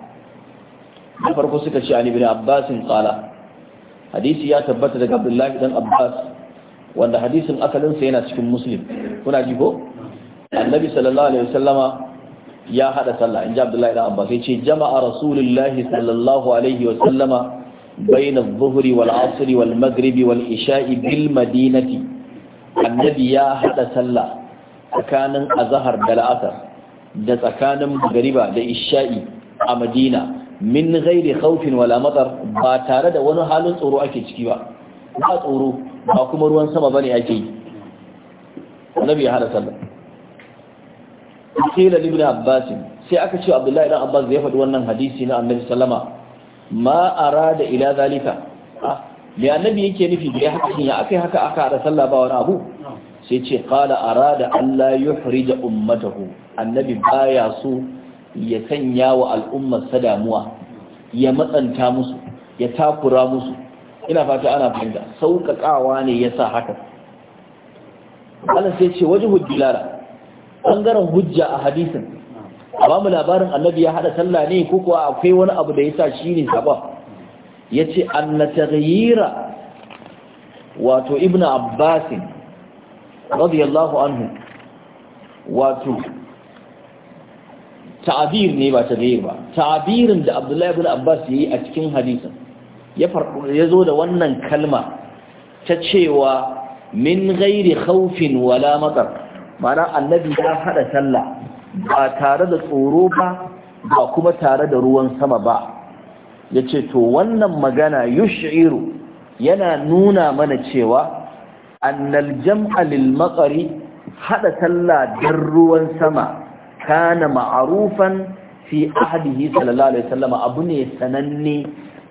da farko suka ce an ibn abbasin qala hadisi ya tabbata daga abdullahi dan abbas wanda hadisin asalinsa yana cikin muslim kuna ji ko annabi sallallahu alaihi wasallama ya hada sallah in ji abdullahi dan abbas ya ce jama'a rasulullahi sallallahu alaihi wasallama بين الظهر والعصر والمغرب والعشاء بالمدينة النبي يا حتى صلى كان أزهر بالأثر da tsakanin Gariba da isha'i a madina min gairi khawfin wala matar ba tare da wani halin tsoro ake ciki ba ba tsoro ba kuma ruwan sama bane ake yi annabi hada sallah qila ibn abbas sai aka ce abdullahi ibn abbas zai faɗi wannan hadisi na annabi ma arada ila zalika da ah, annabi yake nufi da haka ya akai haka aka ara sallah ba wani abu sai ce qala arada Allah yuhrija ummatahu annabi baya so ya sanya wa al'ummar sa damuwa ya matsanta musu ya takura musu ina fata ana fahimta sauƙaƙawa ne yasa haka Allah sai ce wajhu dilala bangaren hujja a hadisin a ba mu labarin annabi ya hada sallah ne ko kuwa akwai wani abu da yasa shine sabab yace annataghyira wato ibn abbas radiyallahu anhu wato ta'bir ne ba taghyir ba ta'birin da abdullahi ibn abbas yayi a cikin hadisin ya farko yazo da wannan kalma ta cewa min ghairi khawfin wala matar ma'ana annabi ya hada sallah ba tare da tsoro ba ba kuma tare da ruwan sama ba ya ce to wannan magana yushiru yana nuna mana cewa annal jam'a lil haɗa talla dan ruwan sama kana ma'arufan fi ahdihi sallallahu alaihi wasallam abu ne sananne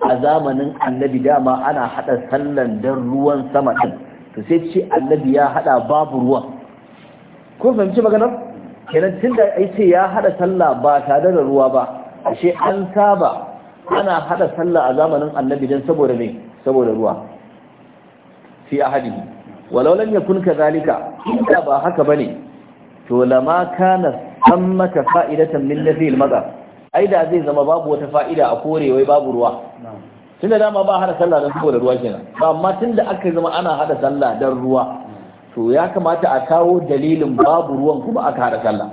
a zamanin annabi dama ana haɗa sallan dan ruwan sama ɗin. to sai ce annabi ya haɗa babu ruwan ko fahimci maganar kenan tun da ya ce ya haɗa sallah ba tare da ruwa ba ashe an saba ana haɗa sallah a zamanin annabi don saboda ne saboda ruwa fi ahadi walau ya kunka zalika. inda ba haka bane to lama kana maka fa'idatan min na zai ai da zai zama babu wata fa'ida a kore wai babu ruwa Tun da dama ba hada sallah don saboda ruwa kenan ba amma tun da aka zama ana haɗa sallah don ruwa to ya kamata a kawo dalilin babu ruwan kuma aka kare sallah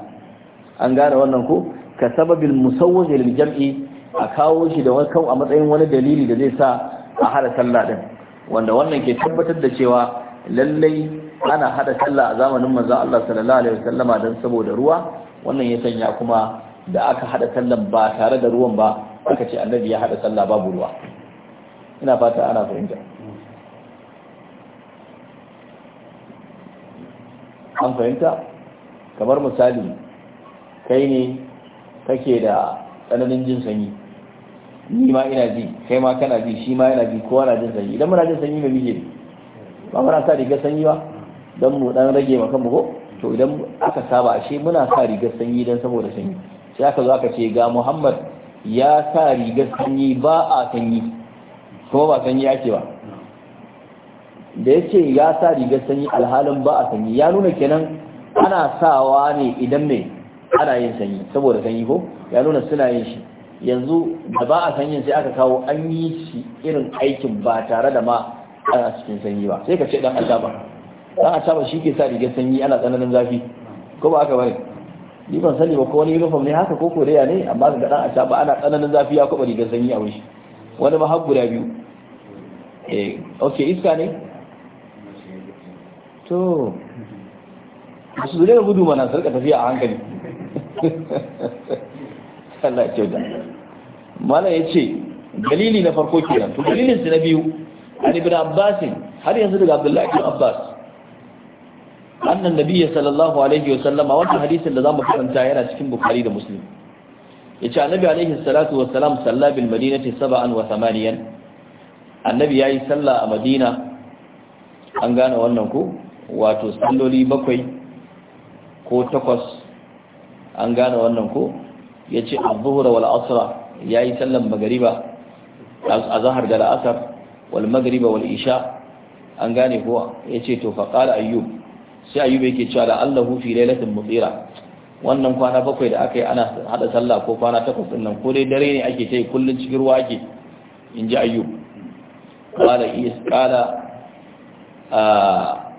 an gane wannan ko ka sababil musawwaj lil jam'i a kawo shi da wani a matsayin wani dalili da zai sa a hada sallah din wanda wannan ke tabbatar da cewa lallai ana hada sallah a zamanin manzo Allah sallallahu alaihi wasallama dan saboda ruwa wannan ya sanya kuma da aka hada sallah ba tare da ruwan ba aka ce annabi ya hada sallah babu ruwa ina fata ana fahimta an fahimta kamar misali kai ne kake da tsananin jin sanyi ni ma ina ji kai ma kana ji shi ma yana ji kowa na jin sanyi idan muna jin sanyi mai muke ba muna sa rigar sanyi ba don mu dan rage maka mu ko to idan aka saba ashe muna sa rigar sanyi don saboda sanyi sai aka zo aka ce ga Muhammad ya sa rigar sanyi ba a sanyi kuma ba sanyi ake ba da yake ya sa riga sanyi alhalin ba a sanyi ya nuna kenan ana sawa ne idan mai ana yin sanyi saboda sanyi ko ya nuna suna yin shi yanzu da ba a sanyin sai aka kawo an yi shi irin aikin ba tare da ma ana cikin sanyi ba sai ka ce dan azaba dan azaba shi ke sa riga sanyi ana tsananin zafi ko ba aka bari ni ban sani ba ko wani uniform ne haka ko koreya ne amma ga dan azaba ana tsananin zafi ya kuma riga sanyi a wuri wani ba har guda biyu eh okay iska ne to su zure da gudu mana sarka tafiya a hankali Allah ya da mala ya ce dalili na farko kenan to dalilin su na biyu an ibn abbas har yanzu daga abdullahi ibn abbas annan nabiyyi sallallahu alaihi wa sallama wannan hadisin da zamu karanta yana cikin bukhari da muslim yace annabi alaihi salatu wa salam salla bil madinati sab'an wa thamaniyan annabi yayi sallah a madina an gane wannan ko wato salloli bakwai ko takwas an gane wannan ko ya ce abubuwa wal asra ya yi sallan magariba a zahar da la'asar wal magariba wal isha an gane ko ya ce to faƙala ayyub sai ayyub yake cewa da allahu fi lailatin mutsira wannan kwana bakwai da aka yi ana hada sallah ko kwana takwas din nan ko dai dare ne ake ta yi kullum cikin ruwa ake in ji ayyub qala is qala ah,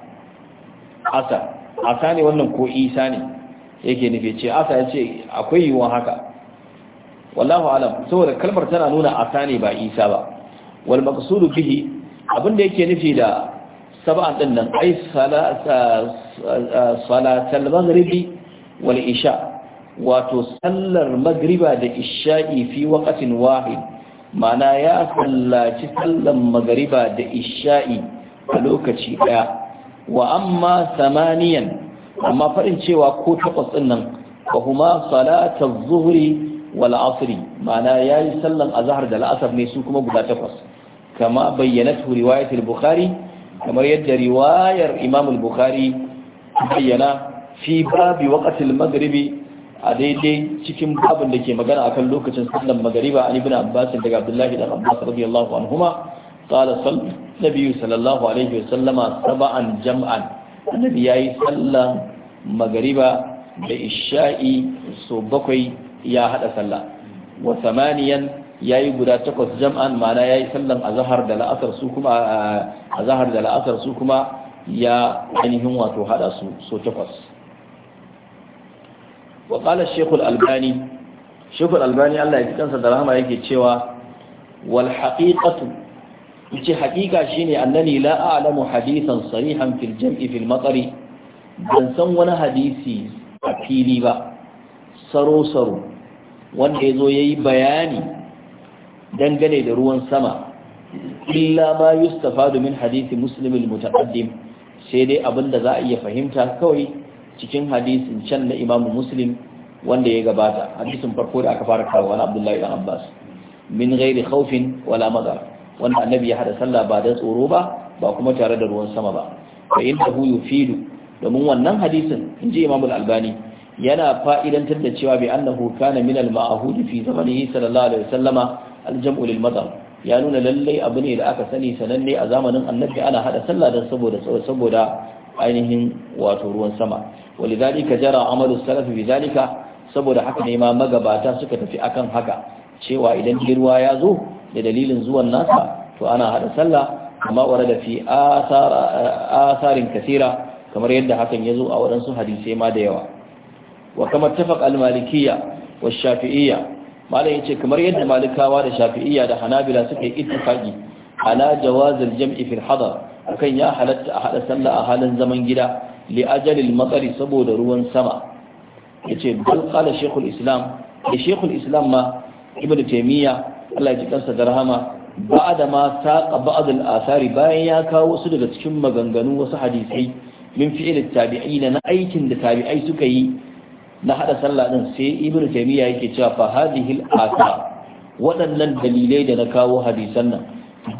asa asa ne wannan ko isa ne yake nufi ce asa ya ce akwai yiwuwan haka wallahu alam saboda kalmar tana nuna asa ne ba isa ba wal bihi abinda yake nufi da sab'an din nan ai salatal maghribi wal isha wato sallar magriba da isha'i fi waqtin wahid mana ya sallaci sallar magariba da isha'i a lokaci ɗaya. wa amma samaniyan amma faɗin cewa ko takwas ɗin nan wa huma salata zuhri wal asri ma'ana yayi sallan azahar da la'asar ne su kuma guda takwas kama bayyanatu riwayat al-bukhari kamar yadda riwayar imamul bukhari bayyana fi babi waqt al-maghribi a daidai cikin babin da ke magana akan lokacin sallan magariba an ibn abbas daga abdullahi da abbas radiyallahu anhuma qala sallu nabi sallallahu alaihi wasallama saba'an jam'an annabi yayi sallan magariba da isha'i so bakwai ya hada sallah wa samaniyan yayi guda takwas jam'an mana yayi sallan azhar da la'asar su kuma azhar da la'asar su kuma ya ainihin wato hada su so takwas wa qala shaykhul albani shaykhul albani Allah ya ji kansa da rahama yake cewa wal haqiqatu yace hakika shine annani la a'lamu hadithan sarihan fil jam'i fil ban san wani hadisi a fili ba saro saro wanda yazo yayi bayani dangane da ruwan sama illa ma yustafadu min hadisi muslim al-mutaqaddim sai dai abinda za a iya fahimta kawai cikin hadisin can na imamu muslim wanda ya gabata hadisin farko da aka fara kawo wani abdullahi dan abbas min ghairi khawfin wala madar wanda annabi ya hada sallah ba dan tsoro ba ba kuma tare da ruwan sama ba fa innahu yufidu domin wannan hadisin inji Imam al-Albani yana fa'idantar da cewa bi annahu kana min al-ma'hud fi zamanihi sallallahu alaihi wasallama al-jam'u lil madar ya nuna lallai abu ne da aka sani sananne a zamanin annabi ana hada sallah dan saboda saboda ainihin wato ruwan sama walidhalika jara amalu salaf bi zalika saboda haka ne ma magabata suka tafi akan haka cewa idan ruwa ya zo da dalilin zuwan nasa to ana hada sallah amma wara da fi asarin kasira kamar yadda hakan ya zo a waɗansu hadisai ma da yawa wa kamar tafaq al-malikiyya wa shafi'iyya malam yace kamar yadda malikawa da shafi'iyya da hanabila suka yi ittifaqi ala jawazil jam'i fil hadar akan ya halatta a hada sallah a halin zaman gida li ajalil matsari saboda ruwan sama yace bal qala shaykhul islam da eh, shaykhul islam ma ibnu taymiya Allah ji kansa da rahama ba'da ma saqa ba'd bayan ya kawo wasu daga cikin maganganu wasu hadisai min da tabi'ina na aikin da tabi'ai suka yi na hada sallah din sai ibnu taymiya yake cewa fa hadhihi al waɗannan dalilai da na kawo hadisan nan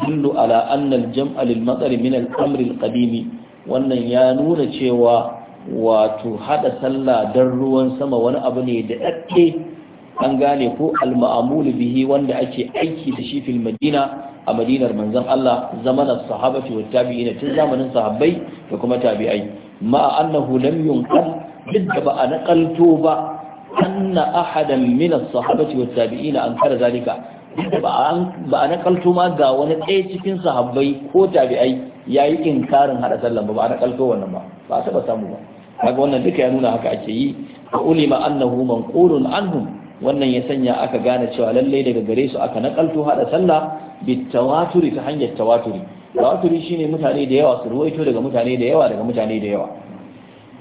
dullu ala anna al-jam'a lil min al-amr al-qadim wannan ya nuna cewa wato hada sallah dan ruwan sama wani abu ne da dakke an gane ko al-ma'amul bihi wanda ake aiki da shi fil madina a madinar manzon Allah zamanar sahabati wa tabi'ina tun zamanin sahabbai da kuma tabi'ai ma annahu lam yunqal duk ba a naqalto ba anna ahadan min as-sahabati wa tabi'ina an zalika ba a naqalto ma ga wani ɗaya cikin sahabbai ko tabi'ai yayi inkarin hada sallan ba ba a naqalto wannan ba ba a taba samu ba kaga wannan duka ya nuna haka ake yi ulima annahu manqulun anhum wannan ya sanya aka gane cewa lallai daga gare su aka nakalto hada sallah tawaturi ta hanyar tawaturi tawaturi shine mutane da yawa su ruwaito daga mutane da yawa daga mutane da yawa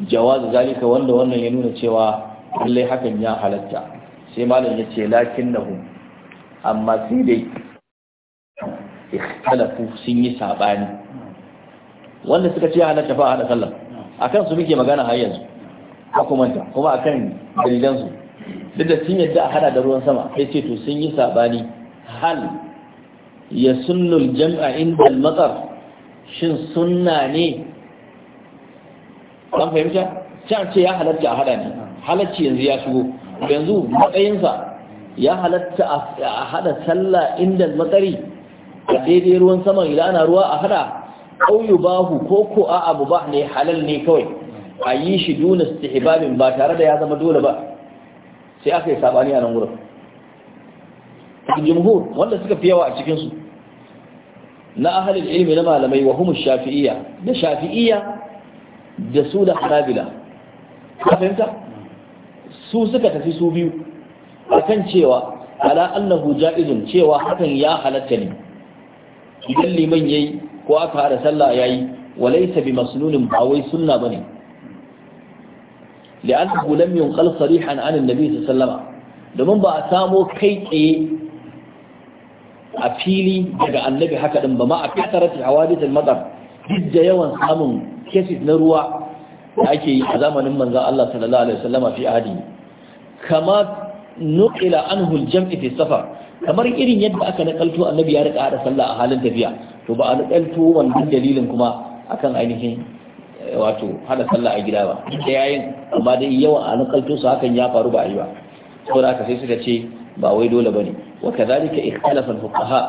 jawazu zalika wanda wannan ya nuna cewa lallai hakan ya halatta sai malam ya ce lakinnahum amma sai dai ikhtalafu sun yi sabani wanda suka ce halatta fa hada sallah akan su muke magana har yanzu akumanta kuma akan dalilan su duk da sun yadda a hada da ruwan sama sai ce to sun yi sabani hal ya sunnul jam'a inda al-matar shin sunna ne Kan fahimta can ce ya halatta a hada ne halacci yanzu ya shigo yanzu matsayinsa ya halatta a hada sallah inda al-matari a daidai ruwan sama idan ana ruwa a hada ƙauyu bahu ko ko a abu ba ne halal ne kawai a yi shi duna istihbabin ba tare da ya zama dole ba sai aka yi sabani a nan wurin jumhur wanda suka fi yawa a cikin su na ahalin ilmi na malamai wa humu shafi'iyya da shafi'iyya da su da hanabila ka fahimta su suka tafi su biyu akan cewa ala annahu ja'izun cewa hakan ya halatta ne idan liman yayi ko aka hada sallah yayi walaysa bi masnunin ba wai sunna bane li'annahu lam yunqal sarihan an annabi sallallahu domin ba a samo kai tsaye a fili daga annabi haka din ba ma a kasarati hawadith al-madar duk da yawan samun cases na ruwa da ake yi a zamanin manzo Allah sallallahu alaihi wasallama fi ahadi kama nuqila anhu al-jam'i fi safar kamar irin yadda aka nakalto annabi ya rika da sallah a halin tafiya to ba a nakalto wannan dalilin kuma akan ainihin wato hada sallah a gida ba da yayin amma dai yawan a nakalto su hakan ya faru ba a yi ba saboda haka sai suka ce ba wai dole bane wa kadhalika ikhtalafa al-fuqaha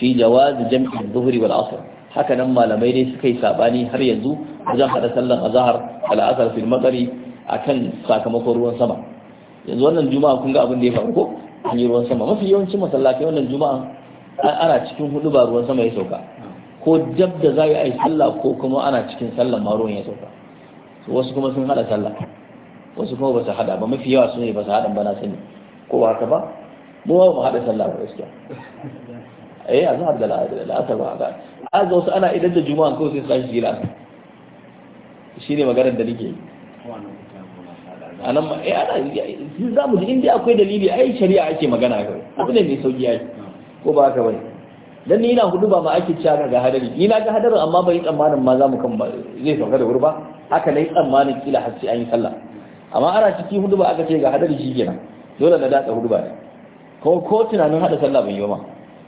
fi jawaz jam'i adh-dhuhr wal 'asr haka nan malamai dai suka yi sabani har yanzu wajen hada sallan azhar al asr fil maghrib akan sakamakon ruwan sama yanzu wannan juma'a kun ga abin da ya faru ko an yi ruwan sama mafi yawancin masallatai wannan juma'a ana cikin hudu ba ruwan sama ya sauka ko jab da za a yi sallah ko kuma ana cikin sallah maruwan ya sauka wasu kuma sun hada sallah wasu kuma ba su hada ba mafi yawa su ne ba su hadan ba na sani ko ba haka ba mu ba mu hada sallah ba gaskiya eh azhar da la'asar ba haka azza wasu ana idan da juma'a ko sai sai Shi ne maganar da nake anan eh ana za mu ji in dai akwai dalili a ai shari'a ake magana kai abu ne mai sauki ai ko ba haka ba ne. dan ni na hudu ba ma ake cewa ga hadari ni na ga hadarin amma yi tsammanin ma za mu kan zai sauka da wuri ba haka nayi tsammanin kila har sai an yi sallah amma ana ciki hudu ba aka ce ga hadari shi kenan dole na datsa hudu ba ko ko tunanin hada sallah ban yi ba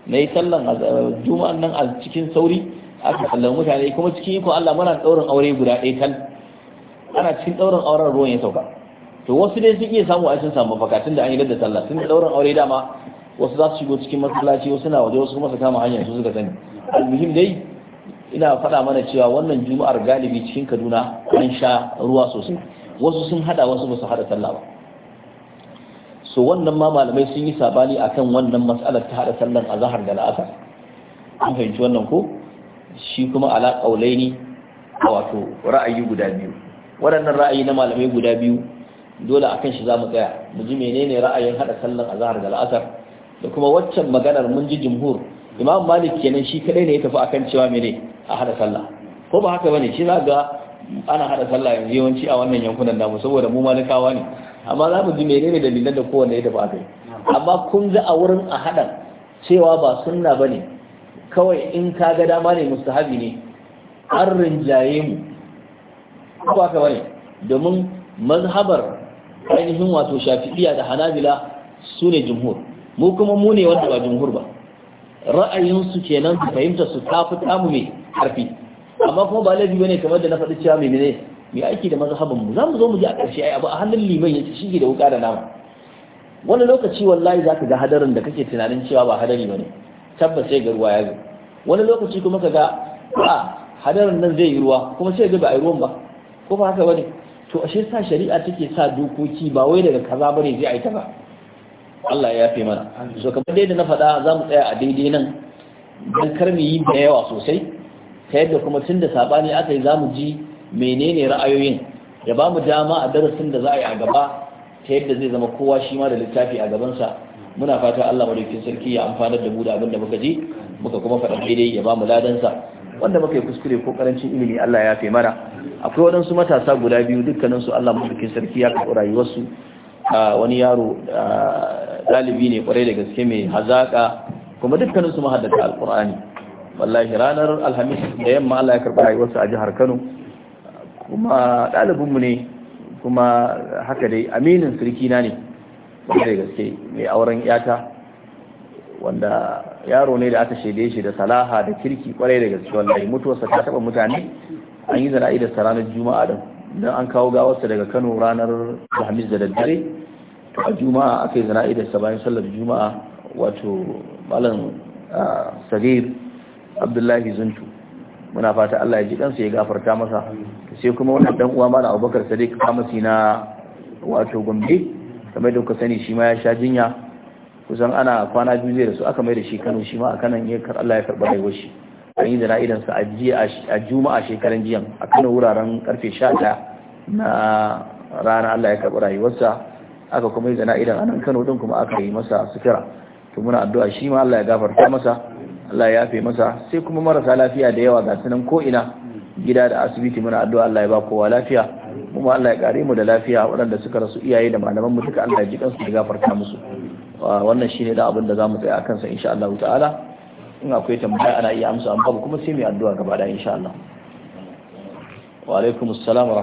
na yi sallan eh, juma'an nan a cikin sauri aka sallan mutane kuma cikin ikon Allah muna daurin aure guda ɗaya tal ana cikin daurin auren ruwan ya sauka to wasu dai sun iya samu a cikin samu fakatun da an yi da sallah tun da daurin aure dama wasu za su shigo cikin masallaci wasu na waje wasu kuma su kama hanyar su suka sani almuhim dai ina faɗa mana cewa wannan juma'ar galibi cikin kaduna an sha ruwa sosai wasu sun hada wasu ba su hada sallah ba so wannan ma malamai sun yi sabani akan wannan matsalar ta hada sallan azhar da la'asar an fahimci wannan ko shi kuma ala qaulaini wato ra'ayi guda biyu waɗannan ra'ayi na malamai guda biyu dole akan shi za mu tsaya mu ji menene ra'ayin hada sallan azhar da la'asar da kuma waccan maganar mun ji jumhur imam malik kenan shi kadai ne ya tafi akan cewa mene a hada sallah ko ba haka bane shi zaga ana hada sallah yanzu yawanci a wannan yankunan namu saboda mu malikawa ne amma za mu ji menene dalilan da kowanne ya tafi akai amma kun ji a wurin a hadan cewa ba sunna bane kawai in ka ga dama ne mustahabi ne an rinjaye mu ko ba haka bane domin mazhabar ainihin wato shafi'iyya da hanabila su ne jumhur mu kuma mu ne wanda ba jumhur ba ra'ayinsu kenan su fahimta su tafi tamu mai harfi amma kuma ba laifi bane kamar da na faɗi cewa mai ne mai aiki da mazhabin mu zamu zo mu je a ƙarshe ai abu a hannun liman yace shi da wuka da nama wani lokaci wallahi zaka ga hadarin da kake tunanin cewa ba hadari bane tabbas sai ga ruwa ya zo wani lokaci kuma ka ga a hadarin nan zai yi ruwa kuma sai ga ba a ruwan ba ko ba haka bane to ashe sa shari'a take sa dokoki ba wai daga kaza bane zai aika ba Allah ya fi mana so kamar dai da na faɗa za mu tsaya a daidai nan don karni yi da yawa sosai ta yadda kuma tun da saɓani aka yi za mu ji menene ra'ayoyin ya ba mu dama a darasin da za a yi a gaba ta yadda zai zama kowa shi ma da littafi a gabansa muna fata Allah madaukakin sarki ya amfanar da mu da abin da muka ji muka kuma faɗa daidai ya ba mu ladansa wanda muka yi kuskure ko karancin ilimi Allah ya fi mana akwai waɗansu matasa guda biyu dukkaninsu Allah madaukakin sarki ya karɓi rayuwarsu ah, wani yaro ah, ɗalibi ne kwarai da gaske mai hazaƙa. kuma dukkanin su mahaddata alqur'ani wallahi ranar alhamis da yamma Allah ya karɓi rayuwarsa a jihar Kano kuma ɗalibinmu ne kuma haka dai aminin sirki na ne kwarai da gaske mai auren yata wanda yaro ne da aka shaide shi da salaha da kirki kwarai da gaske wallahi mutuwarsa ta taɓa mutane an yi zana'i da ranar juma'a don an kawo gawarsa daga kano ranar alhamis da daddare a juma'a aka yi zana'idarsa bayan sallar juma'a wato malam sadir abdullahi zuntu muna fata Allah ya ji ɗansu ya gafarta masa sai kuma wannan dan uwa malam abubakar sadiq kamasi na wato gombe kamar da kuka sani shi ma ya sha jinya kusan ana kwana biyu zai da su aka mai da shi kano shi ma a kanan ya kar Allah ya karɓa rayuwar shi an yi zana'idan sa a juma'a shekaran jiyan a kano wuraren karfe 11 na rana Allah ya karɓa rayuwarsa aka kuma yi jana'idan a nan Kano din kuma aka yi masa sutura to muna addu'a shi ma Allah ya gafarta masa Allah ya yafe masa sai kuma marasa lafiya da yawa ga sunan ko ina gida da asibiti muna addu'a Allah ya ba kowa lafiya ma Allah ya kare mu da lafiya waɗanda suka rasu iyaye da malaman mu duka Allah ya ji kansu da gafarta musu wannan shine da abin da zamu tsaya akan sa insha Allah ta'ala in akwai tambaya ana iya amsa amma kuma sai mu addu'a gaba da insha Allah wa alaikumus salam wa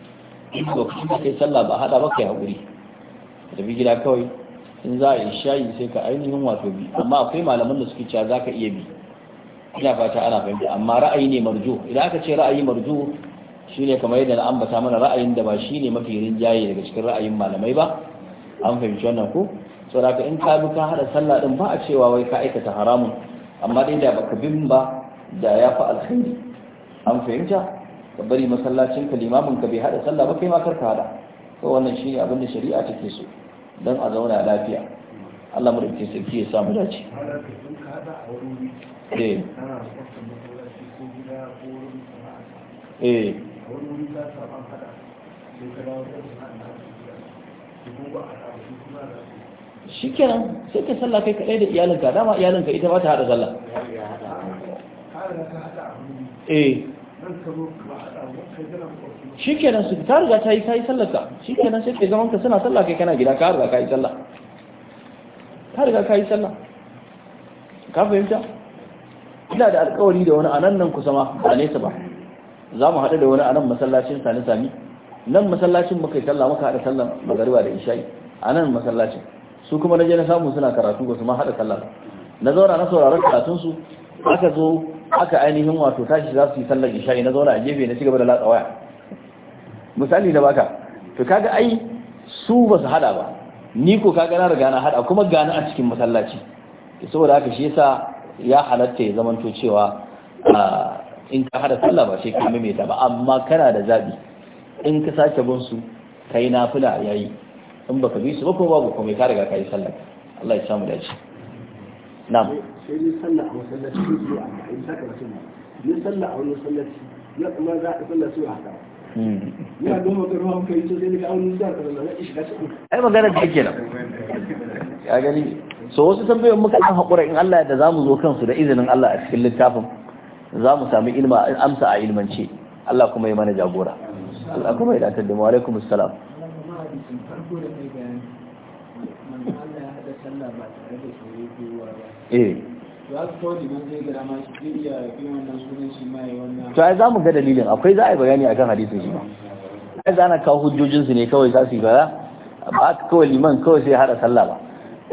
in lokacin da kai sallah ba hada ya haƙuri ka tafi gida kawai in za a shayi sai ka ainihin wato bi amma akwai malaman da suke cewa za ka iya bi ina fata ana fahimta amma ra'ayi ne marju idan aka ce ra'ayi marju shine kamar yadda na ambata mana ra'ayin da ba shine mafi rinjaye daga cikin ra'ayin malamai ba an fahimci wannan ko saboda in ka bi ka hada sallah din ba a cewa wai ka aikata haramun amma dai da baka bin ba da ya fi alkhairi an fahimta ka bari masallacin ka limamin ka bai hada sallah ba kai ma karka hada to wannan shine abin da shari'a take so dan a zauna lafiya Allah mu rike sarki ya samu dace eh eh shi kenan sai ka sallah kai kaɗai da iyalinka dama iyalinka ita ba ta haɗa sallah eh shi kenan su ta riga ta yi ka yi sallarka shi kenan sai ke zama ka suna sallah kai kana gida ka riga ka yi sallah ka riga ka yi sallah ka fahimta ina da alkawari da wani a nan nan kusa ma ba nesa ba za mu haɗu da wani a nan masallacin sani sami nan masallacin muka yi sallah muka haɗa sallah magariba da ishayi a nan masallacin su kuma na je na samu suna karatu ba su ma haɗa sallah na zauna na sauraron karatunsu aka zo aka ainihin wato tashi za su yi sallar isha'i na zauna a gefe na cigaba da latsa waya misali da baka to kaga ai su ba su hada ba ni ko kaga na riga na hada kuma gani a cikin masallaci saboda haka shi yasa ya halatta ya zamanto cewa in ka hada sallah ba sai ka mai ba amma kana da zabi in ka sake bin su kai nafila yayi in baka bi su ba ko babu komai ka riga yi sallah Allah ya samu dace na'am in saka mutum ya a wani sallaci ya kuma za a su haka hmm. ya ruwan kai to ga wani ka ka ai magana ce kenan ya gani so wasu tambayoyin muka an haƙura in Allah da zamu zo kansu da izinin Allah a cikin littafin za mu sami ilma amsa a ilmance Allah kuma ya mana jagora Allah kuma ya datar da mu alaikum assalam eh to ai za mu ga dalilin akwai za a yi bayani akan hadisin shi ba ai za na kawo hujjojinsu ne kawai za su yi ba ka kawai liman kawai sai hada sallah ba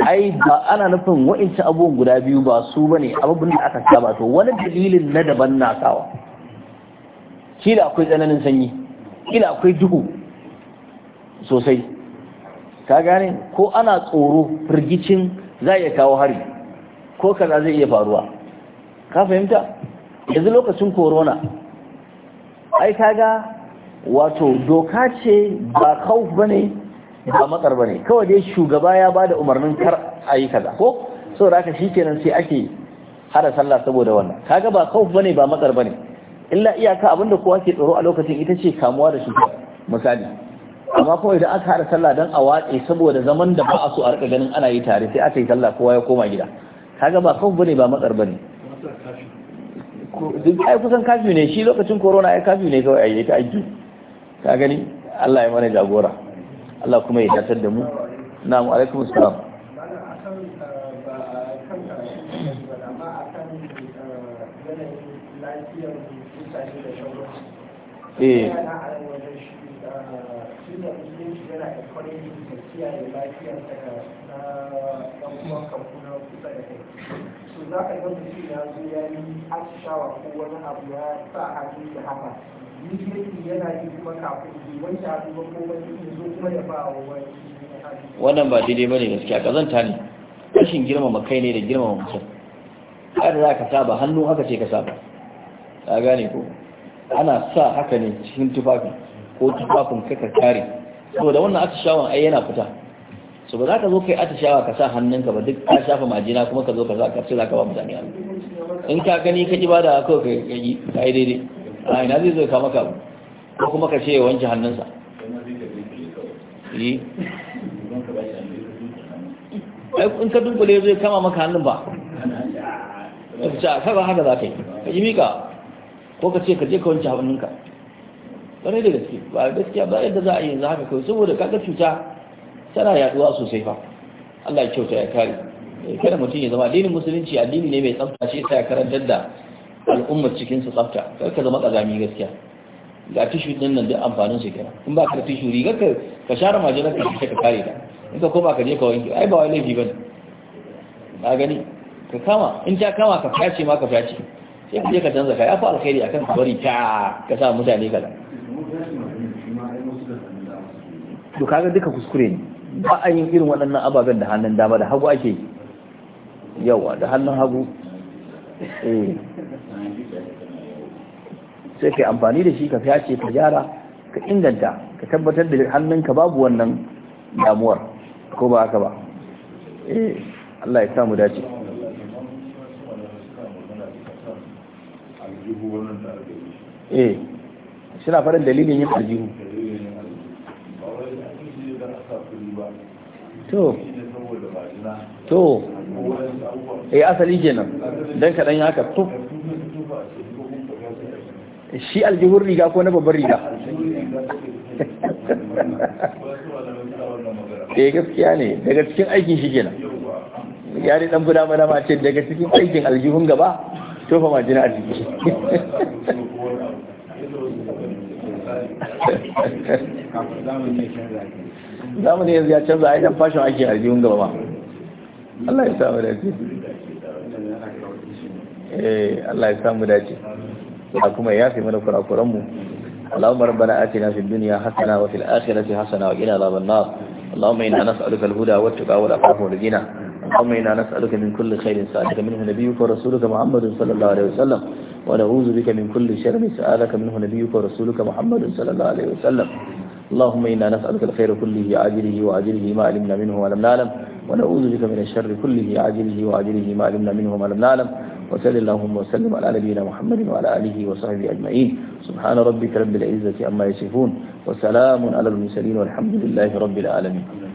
ai ba ana nufin wa'incin abubuwan guda biyu ba su ba ne abubuwan da aka saba to wani dalilin na daban na sawa kila akwai tsananin sanyi kila akwai duhu sosai ka gane ko ana tsoro firgicin za a iya kawo hari ko kaza zai iya faruwa ka fahimta yanzu lokacin corona ai kaga wato doka ce ba kauf bane ba matsar bane kawai dai shugaba ya bada umarnin kar ayi kaza ko saboda haka shikenan sai ake hada sallah saboda wannan kaga ba kauf bane ba matsar bane illa iyaka abinda kowa ke tsoro a lokacin ita ce kamuwa da shuka misali amma kuma idan aka hada sallah dan a watse saboda zaman da ba a so a rika ganin ana yi tare sai aka yi sallah kowa ya koma gida kaga ba kawai bane ba matsar bane duk ai kusan kafi ne shi lokacin corona ai kafi ne kawai ai ta aiki ka gani Allah ya mana jagora Allah kuma ya datar da mu na'am alaikum salam eh yana za a yi ga mutum ya zo ya yi atishawa ko wani abu ya sa hannu da haka yake yana yi kuma kafin yi wanda abu ba ko wani ya zo kuma ya ba wa wani wannan ba daidai ba bane gaskiya kazanta ne rashin girmama kai ne da girmama mutum har za ka saba hannu haka ce ka saba ka gane ko ana sa haka ne cikin tufafi ko tufafin kaka kare saboda wannan atishawan ai yana fita su ba za ka zo kai atishawa ka sa hannunka ba duk ka shafa majina kuma ka zo ka sa ce za ka ba mutane abu in ka gani ka ji ba da ka yi ka yi daidai a ina zai zo ka maka abu ko kuma ka ce ya wanke hannunsa yi eh. in ka dunkule zai kama maka hannun ba ka ce a haka za ka yi ka yi mika ko ka ce ka je ka wanke hannunka ƙwarai da gaske ba gaskiya ba yadda za a yi yanzu haka kawai saboda kaga cuta tana yaduwa sosai fa Allah ya kyauta ya kare eh, kada mutum ya zama addinin musulunci addini ne mai tsafta shi sai karantar da al'ummar cikin su tsafta kar ka zama kazami gaskiya ga tishu din nan duk amfanin su kenan in ba ka tishu rigar ka ka share majalar ka ka kare ta in ka koma ka je ka wanke ai ba wai laifi bane ba gani ka kama in ta kama ka fashe ma ka fashe sai ka je ka canza Ya fa alkhairi akan ka bari ta ka sa mutane kaza Duk kaga duka kuskure ne ba a yin irin waɗannan ababen da hannun dama da hagu ake yawa da hannun hagu eh. sai ka amfani da shi ka ce, ka gyara ka inganta ka tabbatar da hannunka babu wannan damuwar ko ba haka ba eh, Allah ya samu dace eh suna farin dalilin yin aljihu to to eh asali kenan dan kaɗan ya haka to shi aljihun riga ko na babban riga eh gaskiya ne daga cikin aikin shi kenan ya dai dan guda mana mace daga cikin aikin aljihun gaba tofa majina a jiki zamani ne zamani yanzu ya canza ai dan fashion ake aljihun gaba ma Allah ya samu dace eh Allah ya samu dace a kuma ya fi mana kurakuran mu اللهم ربنا آتنا في الدنيا حسنة وفي الآخرة حسنة وإنا عذاب النار اللهم إنا نسألك الهدى والتقى والعفو والغنى اللهم إنا نسألك من كل خير سألك منه نبيك ورسولك محمد صلى الله عليه وسلم ونعوذ بك من كل شر سألك منه نبيك ورسولك محمد صلى الله عليه وسلم اللهم إنا نسألك الخير كله عاجله وعاجله ما علمنا منه ولم نعلم ونعوذ بك من الشر كله عاجله وعاجله ما علمنا منه ولم نعلم وسل اللهم وسلم على نبينا محمد وعلى آله وصحبه أجمعين سبحان ربك رب العزة أما يصفون وسلام على المرسلين والحمد لله رب العالمين